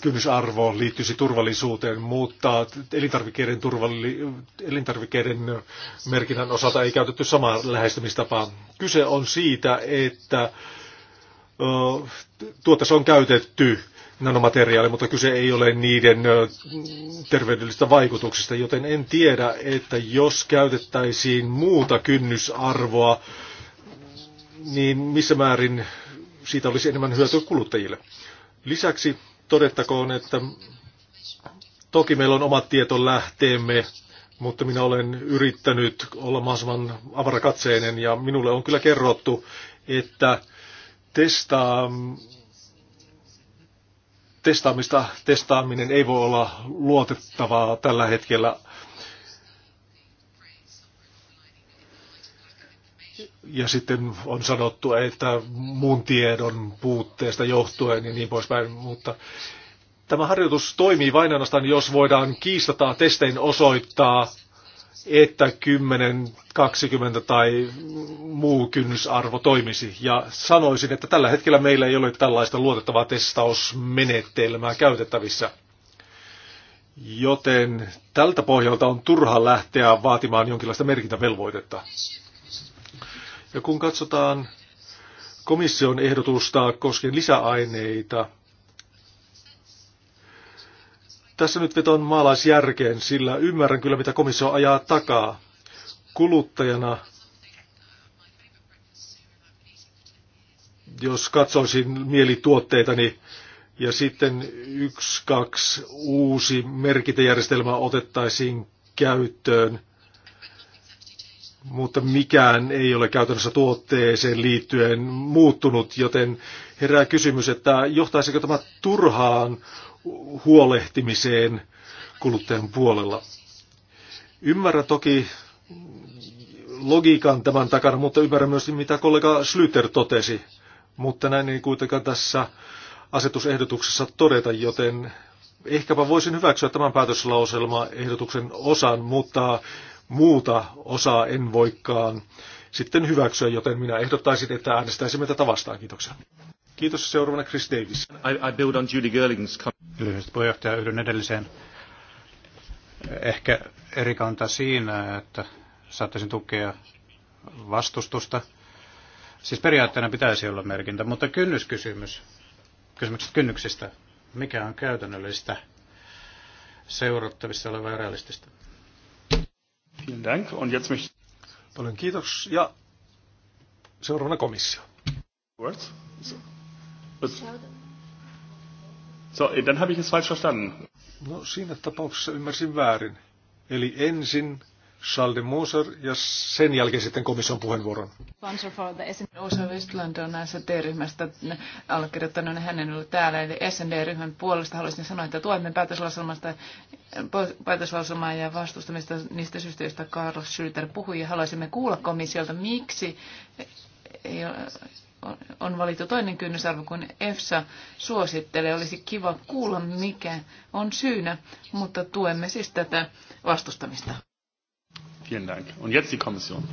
Speaker 1: kynnysarvo liittyisi turvallisuuteen, mutta elintarvikkeiden, turvalli, elintarvikkeiden merkinnän osalta ei käytetty samaa lähestymistapaa. Kyse on siitä, että tuotteessa on käytetty nanomateriaali, mutta kyse ei ole niiden terveydellisistä vaikutuksista, joten en tiedä, että jos käytettäisiin muuta kynnysarvoa, niin missä määrin siitä olisi enemmän hyötyä kuluttajille. Lisäksi todettakoon, että toki meillä on omat tietolähteemme, mutta minä olen yrittänyt olla mahdollisimman avarakatseinen ja minulle on kyllä kerrottu, että testaa, testaamista, testaaminen ei voi olla luotettavaa tällä hetkellä. Ja sitten on sanottu, että muun tiedon puutteesta johtuen ja niin poispäin, mutta tämä harjoitus toimii vain ainoastaan, jos voidaan kiistataa testein osoittaa, että 10, 20 tai muu kynnysarvo toimisi. Ja sanoisin, että tällä hetkellä meillä ei ole tällaista luotettavaa testausmenetelmää käytettävissä. Joten tältä pohjalta on turha lähteä vaatimaan jonkinlaista merkintävelvoitetta. Ja kun katsotaan komission ehdotusta koskien lisäaineita, tässä nyt veton maalaisjärkeen, sillä ymmärrän kyllä, mitä komissio ajaa takaa. Kuluttajana, jos katsoisin mielituotteitani, ja sitten yksi, kaksi uusi merkintäjärjestelmä otettaisiin käyttöön – mutta mikään ei ole käytännössä tuotteeseen liittyen muuttunut, joten herää kysymys, että johtaisiko tämä turhaan huolehtimiseen kuluttajan puolella. Ymmärrän toki logiikan tämän takana, mutta ymmärrän myös mitä kollega Slyter totesi, mutta näin ei kuitenkaan tässä asetusehdotuksessa todeta, joten ehkäpä voisin hyväksyä tämän päätöslauselma ehdotuksen osan, mutta muuta osaa en voikaan sitten hyväksyä, joten minä ehdottaisin, että äänestäisimme tätä vastaan. Kiitoksia. Kiitos.
Speaker 3: Seuraavana Chris Davis. I, I build on Judy Girling's Lyhyesti puheenjohtaja yhden edelliseen. Ehkä eri kanta siinä, että saattaisin tukea vastustusta. Siis periaatteena pitäisi olla merkintä, mutta kynnyskysymys, kysymykset kynnyksistä, mikä on käytännöllistä, seurattavissa olevaa realistista?
Speaker 1: Vielen Dank. Und jetzt
Speaker 3: möchte... Paljon
Speaker 1: kiitos. Ja seuraavana komissio. Words? So, so dann habe ich es falsch verstanden. No siinä tapauksessa ymmärsin väärin. Eli ensin Charles de Moser ja sen jälkeen sitten komission puheenvuoron.
Speaker 2: Osa Westland on näissä t ryhmästä allekirjoittanut, niin hänen ollut täällä, eli SND-ryhmän puolesta haluaisin sanoa, että tuemme päätöslauselmasta, päätöslauselmaa ja vastustamista niistä syistä, joista Karl Schlüter puhui, ja haluaisimme kuulla komissiolta, miksi on valittu toinen kynnysarvo kuin EFSA suosittelee. Olisi kiva kuulla, mikä on syynä, mutta tuemme siis tätä vastustamista.
Speaker 3: Vielen Dank. Und jetzt die Kommission.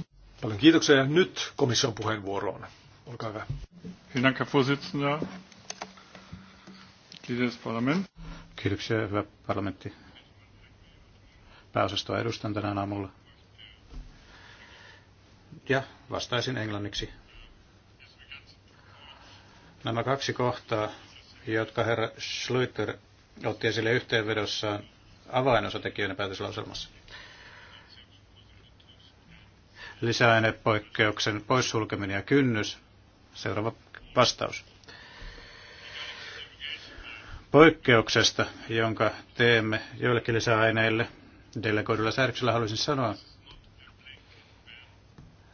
Speaker 1: Paljon kiitoksia. Ja nyt komission puheenvuoroon. Olkaa hyvä. Vielen Dank, Herr Vorsitzender.
Speaker 3: Kiitos parlament. Kiitoksia, hyvä parlamentti. Pääosastoa edustan tänään aamulla. Ja vastaisin englanniksi. Nämä kaksi kohtaa, jotka herra Schlüter otti esille yhteenvedossaan avainosatekijöiden päätöslauselmassa lisäainepoikkeuksen poissulkeminen ja kynnys. Seuraava vastaus. Poikkeuksesta, jonka teemme joillekin lisäaineille delegoidulla säädöksellä haluaisin sanoa,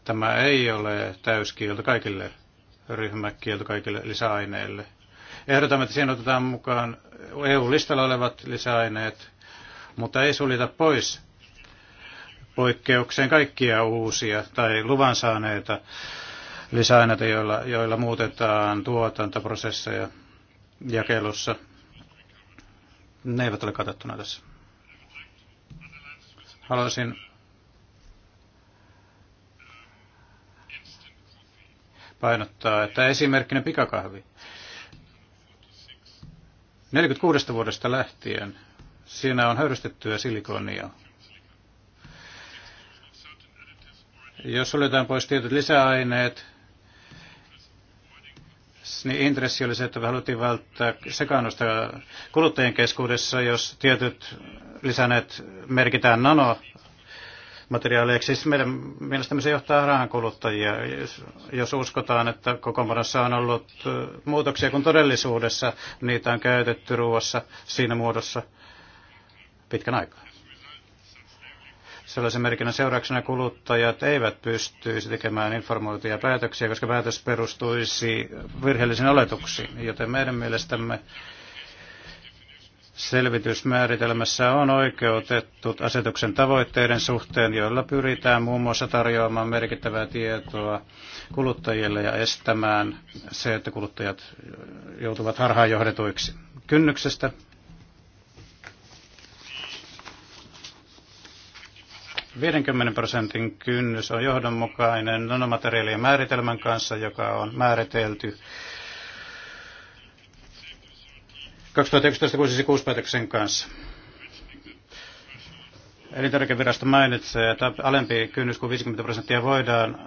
Speaker 3: tämä ei ole täyskielto kaikille ryhmäkielto kaikille lisäaineille. Ehdotamme, että siihen otetaan mukaan EU-listalla olevat lisäaineet, mutta ei suljeta pois poikkeukseen kaikkia uusia tai luvan saaneita lisäaineita, joilla, joilla muutetaan tuotantoprosesseja jakelussa. Ne eivät ole katsottuna tässä. Haluaisin painottaa, että esimerkkinä pikakahvi. 46 vuodesta lähtien siinä on höyrystettyä silikonia Jos suljetaan pois tietyt lisäaineet, niin intressi oli se, että haluttiin välttää sekaannusta kuluttajien keskuudessa, jos tietyt lisäneet merkitään nano materiaaleiksi. Siis meidän mielestämme se johtaa rahan kuluttajia, jos, jos uskotaan, että koko on ollut muutoksia, kun todellisuudessa niitä on käytetty ruoassa siinä muodossa pitkän aikaa. Sellaisen merkinnän seurauksena kuluttajat eivät pystyisi tekemään informoituja päätöksiä, koska päätös perustuisi virheellisiin oletuksiin. Joten meidän mielestämme selvitysmääritelmässä on oikeutettu asetuksen tavoitteiden suhteen, joilla pyritään muun muassa tarjoamaan merkittävää tietoa kuluttajille ja estämään se, että kuluttajat joutuvat harhaan johdetuiksi. Kynnyksestä 50 prosentin kynnys on johdonmukainen nanomateriaalien määritelmän kanssa, joka on määritelty 2011-66 päätöksen kanssa. Elintarvikevirasto mainitsee, että alempi kynnys kuin 50 prosenttia voidaan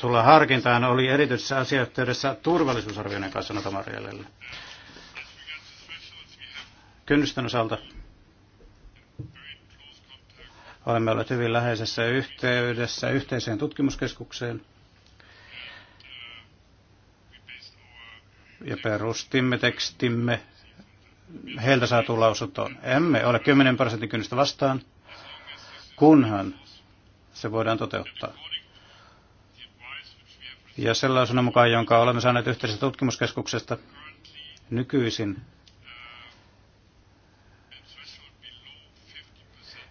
Speaker 3: tulla harkintaan, oli erityisessä asiayhteydessä turvallisuusarvioinnin kanssa notamarjallelle. Kynnysten osalta Olemme olleet hyvin läheisessä yhteydessä yhteiseen tutkimuskeskukseen. Ja perustimme tekstimme heiltä saatu lausuntoon. Emme ole 10 prosentin kynnystä vastaan, kunhan se voidaan toteuttaa. Ja sellaisena mukaan, jonka olemme saaneet yhteisestä tutkimuskeskuksesta, nykyisin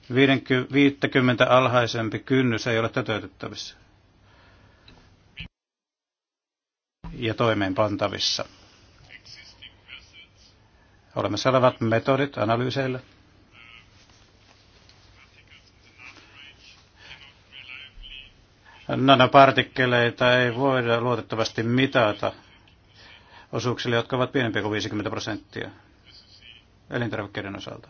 Speaker 3: 50 alhaisempi kynnys ei ole toteutettavissa ja toimeenpantavissa. Olemassa olevat metodit analyyseille. nanopartikkeleita ei voida luotettavasti mitata osuuksille, jotka ovat pienempiä kuin 50 prosenttia elintarvikkeiden osalta.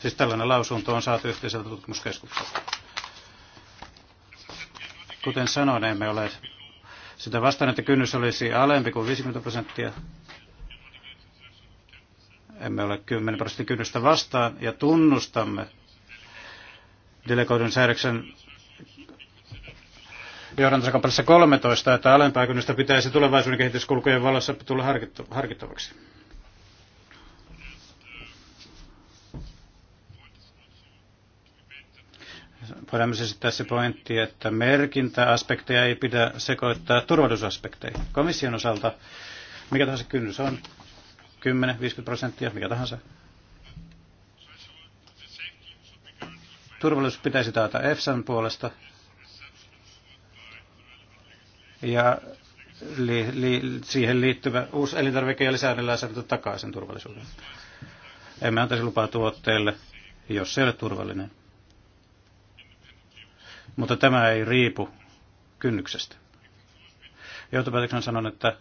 Speaker 3: Siis tällainen lausunto on saatu yhteiseltä tutkimuskeskuksesta. Kuten sanoin, emme ole sitä vastaan, että kynnys olisi alempi kuin 50 prosenttia. Emme ole 10 prosentin kynnystä vastaan ja tunnustamme delegoidun säädöksen johdantosakappaleessa 13, että alempaa kynnystä pitäisi tulevaisuuden kehityskulkujen valossa tulla harkittavaksi. voidaan myös esittää se pointti, että merkintäaspekteja ei pidä sekoittaa turvallisuusaspekteihin. Komission osalta mikä tahansa kynnys on, 10-50 prosenttia, mikä tahansa. Turvallisuus pitäisi taata EFSAn puolesta. Ja li, li, siihen liittyvä uusi elintarvike- ja lisäännöllainsäädäntö takaa sen turvallisuuden. Emme antaisi lupaa tuotteelle, jos se ei ole turvallinen mutta tämä ei riipu kynnyksestä. Johtopäätöksen sanon, että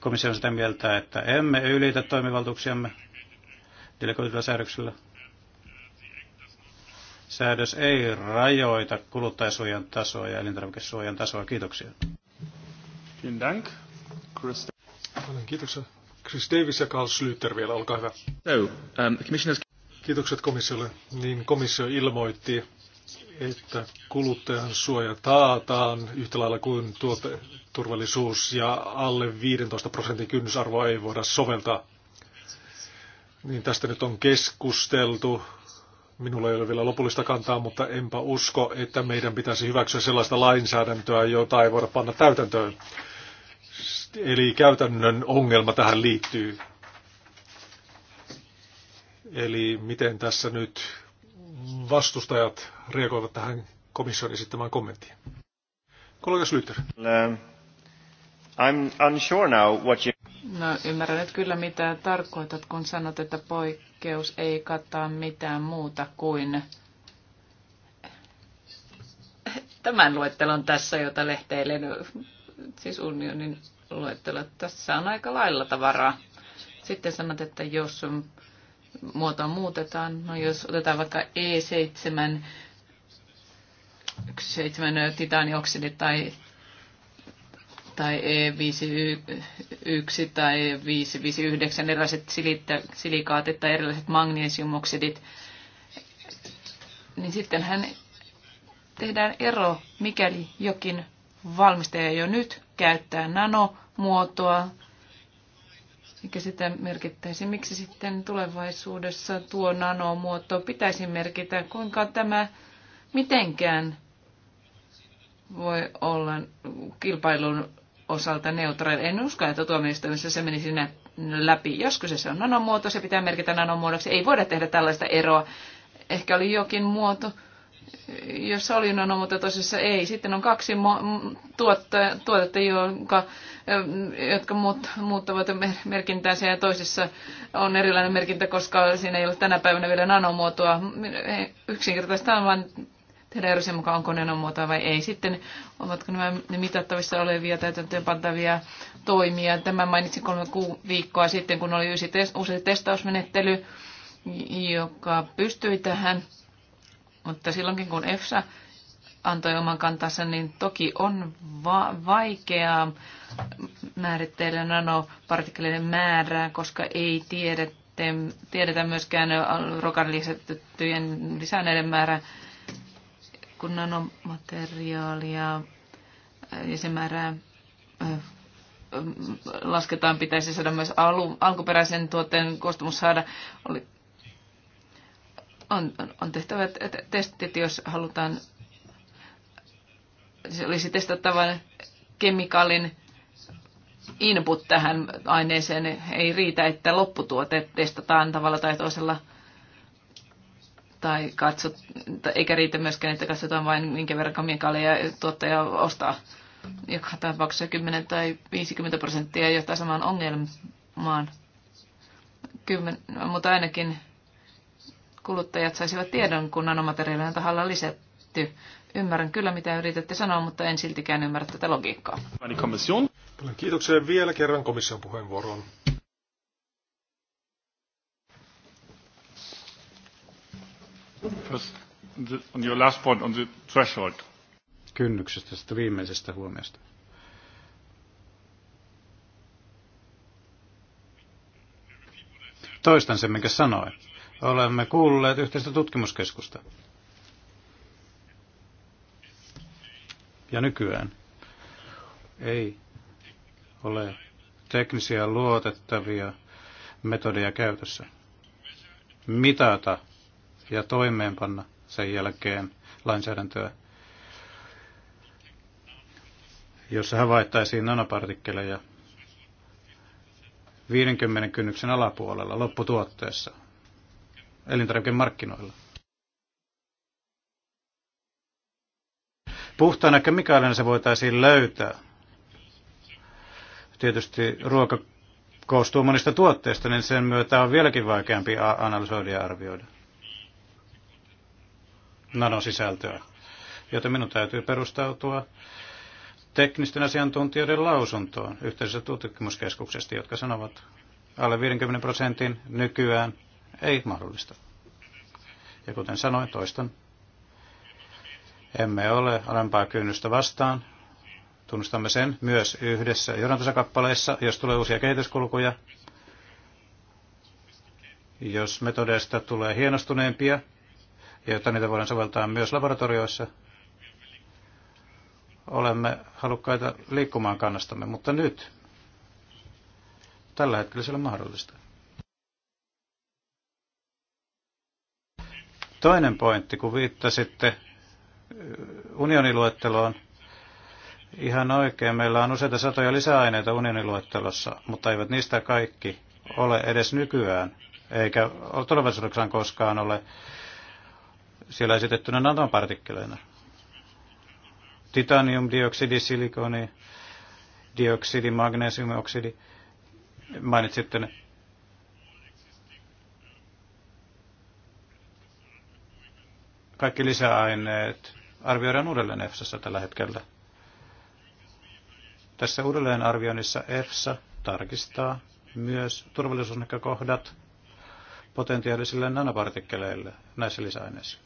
Speaker 3: komissio on sitä mieltä, että emme ylitä toimivaltuuksiamme delegoitilla säädöksillä. Säädös ei rajoita kuluttajasuojan tasoa ja elintarvikesuojan tasoa. Kiitoksia. Chris.
Speaker 1: kiitoksia. Chris Davis ja Carl Slyter vielä, olkaa hyvä. So, um, the commissioners... Kiitokset komissiolle. Niin komissio ilmoitti, että kuluttajan suoja taataan yhtä lailla kuin tuoteturvallisuus ja alle 15 prosentin kynnysarvoa ei voida soveltaa. Niin tästä nyt on keskusteltu. Minulla ei ole vielä lopullista kantaa, mutta enpä usko, että meidän pitäisi hyväksyä sellaista lainsäädäntöä, jota ei voida panna täytäntöön. Eli käytännön ongelma tähän liittyy. Eli miten tässä nyt vastustajat reagoivat tähän komission esittämään kommenttiin?
Speaker 3: Kollega Slyter. Ähm, I'm unsure now what you...
Speaker 2: No ymmärrän nyt kyllä mitä tarkoitat, kun sanot, että poikkeus ei kattaa mitään muuta kuin tämän luettelon tässä, jota lehteille, no, siis unionin luettelo. Tässä on aika lailla tavaraa. Sitten sanot, että jos muotoa muutetaan. No jos otetaan vaikka E7, 7 titanioksidit tai, tai E51 tai E559, erilaiset silikaatit tai erilaiset magnesiumoksidit, niin sittenhän tehdään ero, mikäli jokin valmistaja jo nyt käyttää nanomuotoa eikä sitä merkittäisi. Miksi sitten tulevaisuudessa tuo nanomuoto pitäisi merkitä? Kuinka tämä mitenkään voi olla kilpailun osalta neutraali. En usko, että tuomioistuimessa se meni sinne läpi. Joskus se on nanomuoto, se pitää merkitä nanomuodoksi. Ei voida tehdä tällaista eroa. Ehkä oli jokin muoto, jossa oli nanomuoto, tosissa ei. Sitten on kaksi tuotetta, tuotetta jonka jotka muuttavat merkintäänsä ja toisissa on erilainen merkintä, koska siinä ei ole tänä päivänä vielä nanomuotoa. Yksinkertaista on vain tehdä ero sen mukaan, onko nanomuotoa vai ei. Sitten ovatko nämä mitattavissa olevia pantavia toimia. Tämä mainitsin kolme viikkoa sitten, kun oli uusi testausmenettely, joka pystyi tähän. Mutta silloinkin, kun EFSA antoi oman kantansa, niin toki on va- vaikeaa määritteillä nanopartikkeleiden määrää, koska ei tiedetä, tiedetä myöskään rokan lisätettyjen lisääneiden määrää, kun nanomateriaalia äh, ja sen määrää äh, lasketaan, pitäisi saada myös alu, alkuperäisen tuotteen koostumus saada. Oli, on, on tehtävä testit, jos halutaan se olisi testattavan kemikaalin input tähän aineeseen. Ei riitä, että lopputuote testataan tavalla tai toisella tai katsot, eikä riitä myöskään, että katsotaan vain minkä verran kemikaaleja tuottaja ostaa. Joka tapauksessa 10 tai 50 prosenttia johtaa samaan ongelmaan. kymmen, mutta ainakin kuluttajat saisivat tiedon, kun nanomateriaalien tahalla lisätään tehty. Ymmärrän kyllä, mitä yritätte sanoa, mutta en siltikään ymmärrä tätä logiikkaa.
Speaker 1: kiitoksia vielä kerran komission puheenvuoroon.
Speaker 3: on your last point on the threshold. Kynnyksestä tästä viimeisestä huomiosta. Toistan sen, minkä sanoin. Olemme kuulleet yhteistä tutkimuskeskusta. ja nykyään ei ole teknisiä luotettavia metodeja käytössä mitata ja toimeenpanna sen jälkeen lainsäädäntöä, jossa havaittaisiin nanopartikkeleja 50 kynnyksen alapuolella lopputuotteessa elintarvikemarkkinoilla. puhtaana kemikaalina se voitaisiin löytää. Tietysti ruoka koostuu monista tuotteista, niin sen myötä on vieläkin vaikeampi analysoida ja arvioida nanosisältöä. Joten minun täytyy perustautua teknisten asiantuntijoiden lausuntoon yhteisessä tutkimuskeskuksesta, jotka sanovat alle 50 prosentin nykyään ei mahdollista. Ja kuten sanoin, toistan, emme ole alempaa kynnystä vastaan. Tunnustamme sen myös yhdessä johdantosakappaleissa, jos tulee uusia kehityskulkuja. Jos metodeista tulee hienostuneempia, jotta niitä voidaan soveltaa myös laboratorioissa, olemme halukkaita liikkumaan kannastamme, mutta nyt tällä hetkellä se on mahdollista. Toinen pointti, kun viittasitte unioniluetteloon. Ihan oikein, meillä on useita satoja lisäaineita unioniluettelossa, mutta eivät niistä kaikki ole edes nykyään, eikä tulevaisuudessaan koskaan ole siellä esitettynä nanopartikkeleina. dioksidi silikoni, dioksidi, magnesiumioksidi, mainitsitte ne. Kaikki lisäaineet, arvioidaan uudelleen EFSassa tällä hetkellä. Tässä uudelleenarvioinnissa EFSA tarkistaa myös turvallisuusnäkökohdat potentiaalisille nanopartikkeleille näissä lisäaineissa.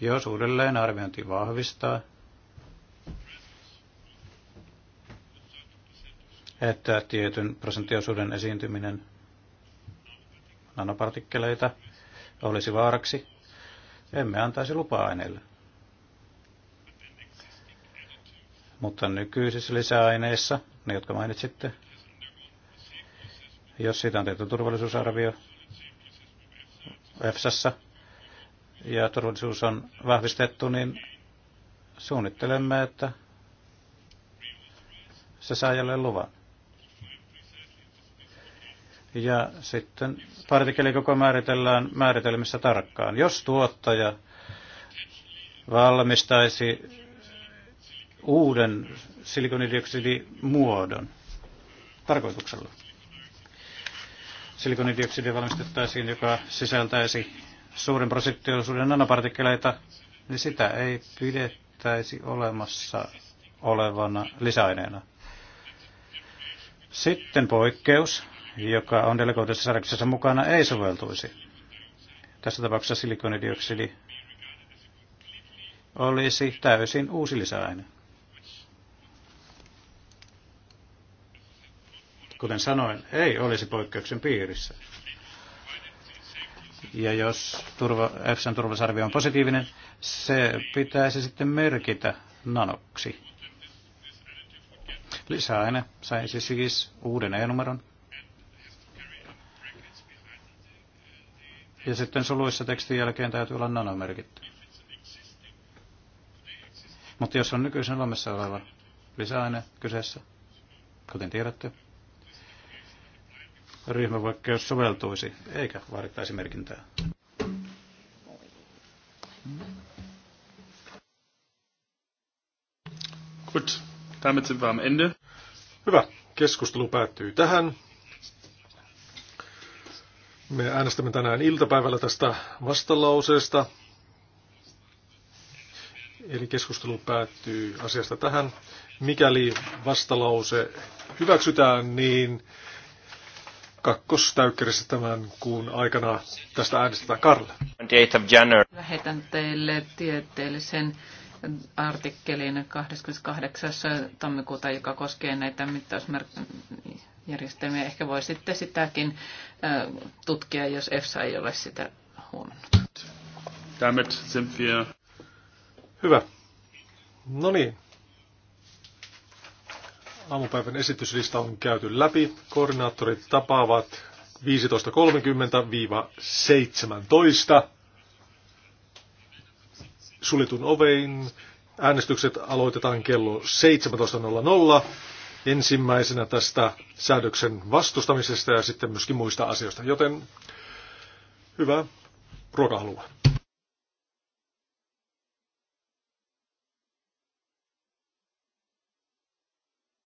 Speaker 3: Jos uudelleenarviointi vahvistaa, että tietyn prosenttiosuuden esiintyminen nanopartikkeleita olisi vaaraksi, emme antaisi lupaa aineille. mutta nykyisissä lisäaineissa, ne jotka mainitsitte, jos siitä on tehty turvallisuusarvio EFSassa ja turvallisuus on vahvistettu, niin suunnittelemme, että se saa jälleen luvan. Ja sitten partikelikoko määritellään määritelmissä tarkkaan. Jos tuottaja valmistaisi uuden silikonidioksidimuodon tarkoituksella. Silikonidioksidin valmistettaisiin, joka sisältäisi suuren prosenttiosuuden nanopartikkeleita, niin sitä ei pidettäisi olemassa olevana lisäaineena. Sitten poikkeus, joka on delegoidussa säädöksessä mukana, ei soveltuisi. Tässä tapauksessa silikonidioksidi olisi täysin uusi lisäaine. kuten sanoin, ei olisi poikkeuksen piirissä. Ja jos turva, EFSAn turvallisuusarvio on positiivinen, se pitäisi sitten merkitä nanoksi. Lisäaine saisi siis uuden E-numeron. Ja sitten soluissa tekstin jälkeen täytyy olla nanomerkitty. Mutta jos on nykyisen Suomessa oleva lisäaine kyseessä, kuten tiedätte, ryhmäpoikkeus soveltuisi, eikä vaadittaisi merkintää.
Speaker 1: Gut, damit sind wir am Ende. Hyvä, keskustelu päättyy tähän. Me äänestämme tänään iltapäivällä tästä vastalauseesta. Eli keskustelu päättyy asiasta tähän. Mikäli vastalause hyväksytään, niin kakkostäykkärissä tämän kuun aikana tästä äänestetään Karle.
Speaker 2: Lähetän teille tieteellisen artikkelin 28. tammikuuta, joka koskee näitä mittausjärjestelmiä. Ehkä sitten sitäkin tutkia, jos EFSA ei ole sitä huomannut.
Speaker 1: Damit sind wir... Hyvä. No niin, Aamupäivän esityslista on käyty läpi. Koordinaattorit tapaavat 15.30-17. Sulitun ovein äänestykset aloitetaan kello 17.00. Ensimmäisenä tästä säädöksen vastustamisesta ja sitten myöskin muista asioista. Joten hyvää ruokahalua.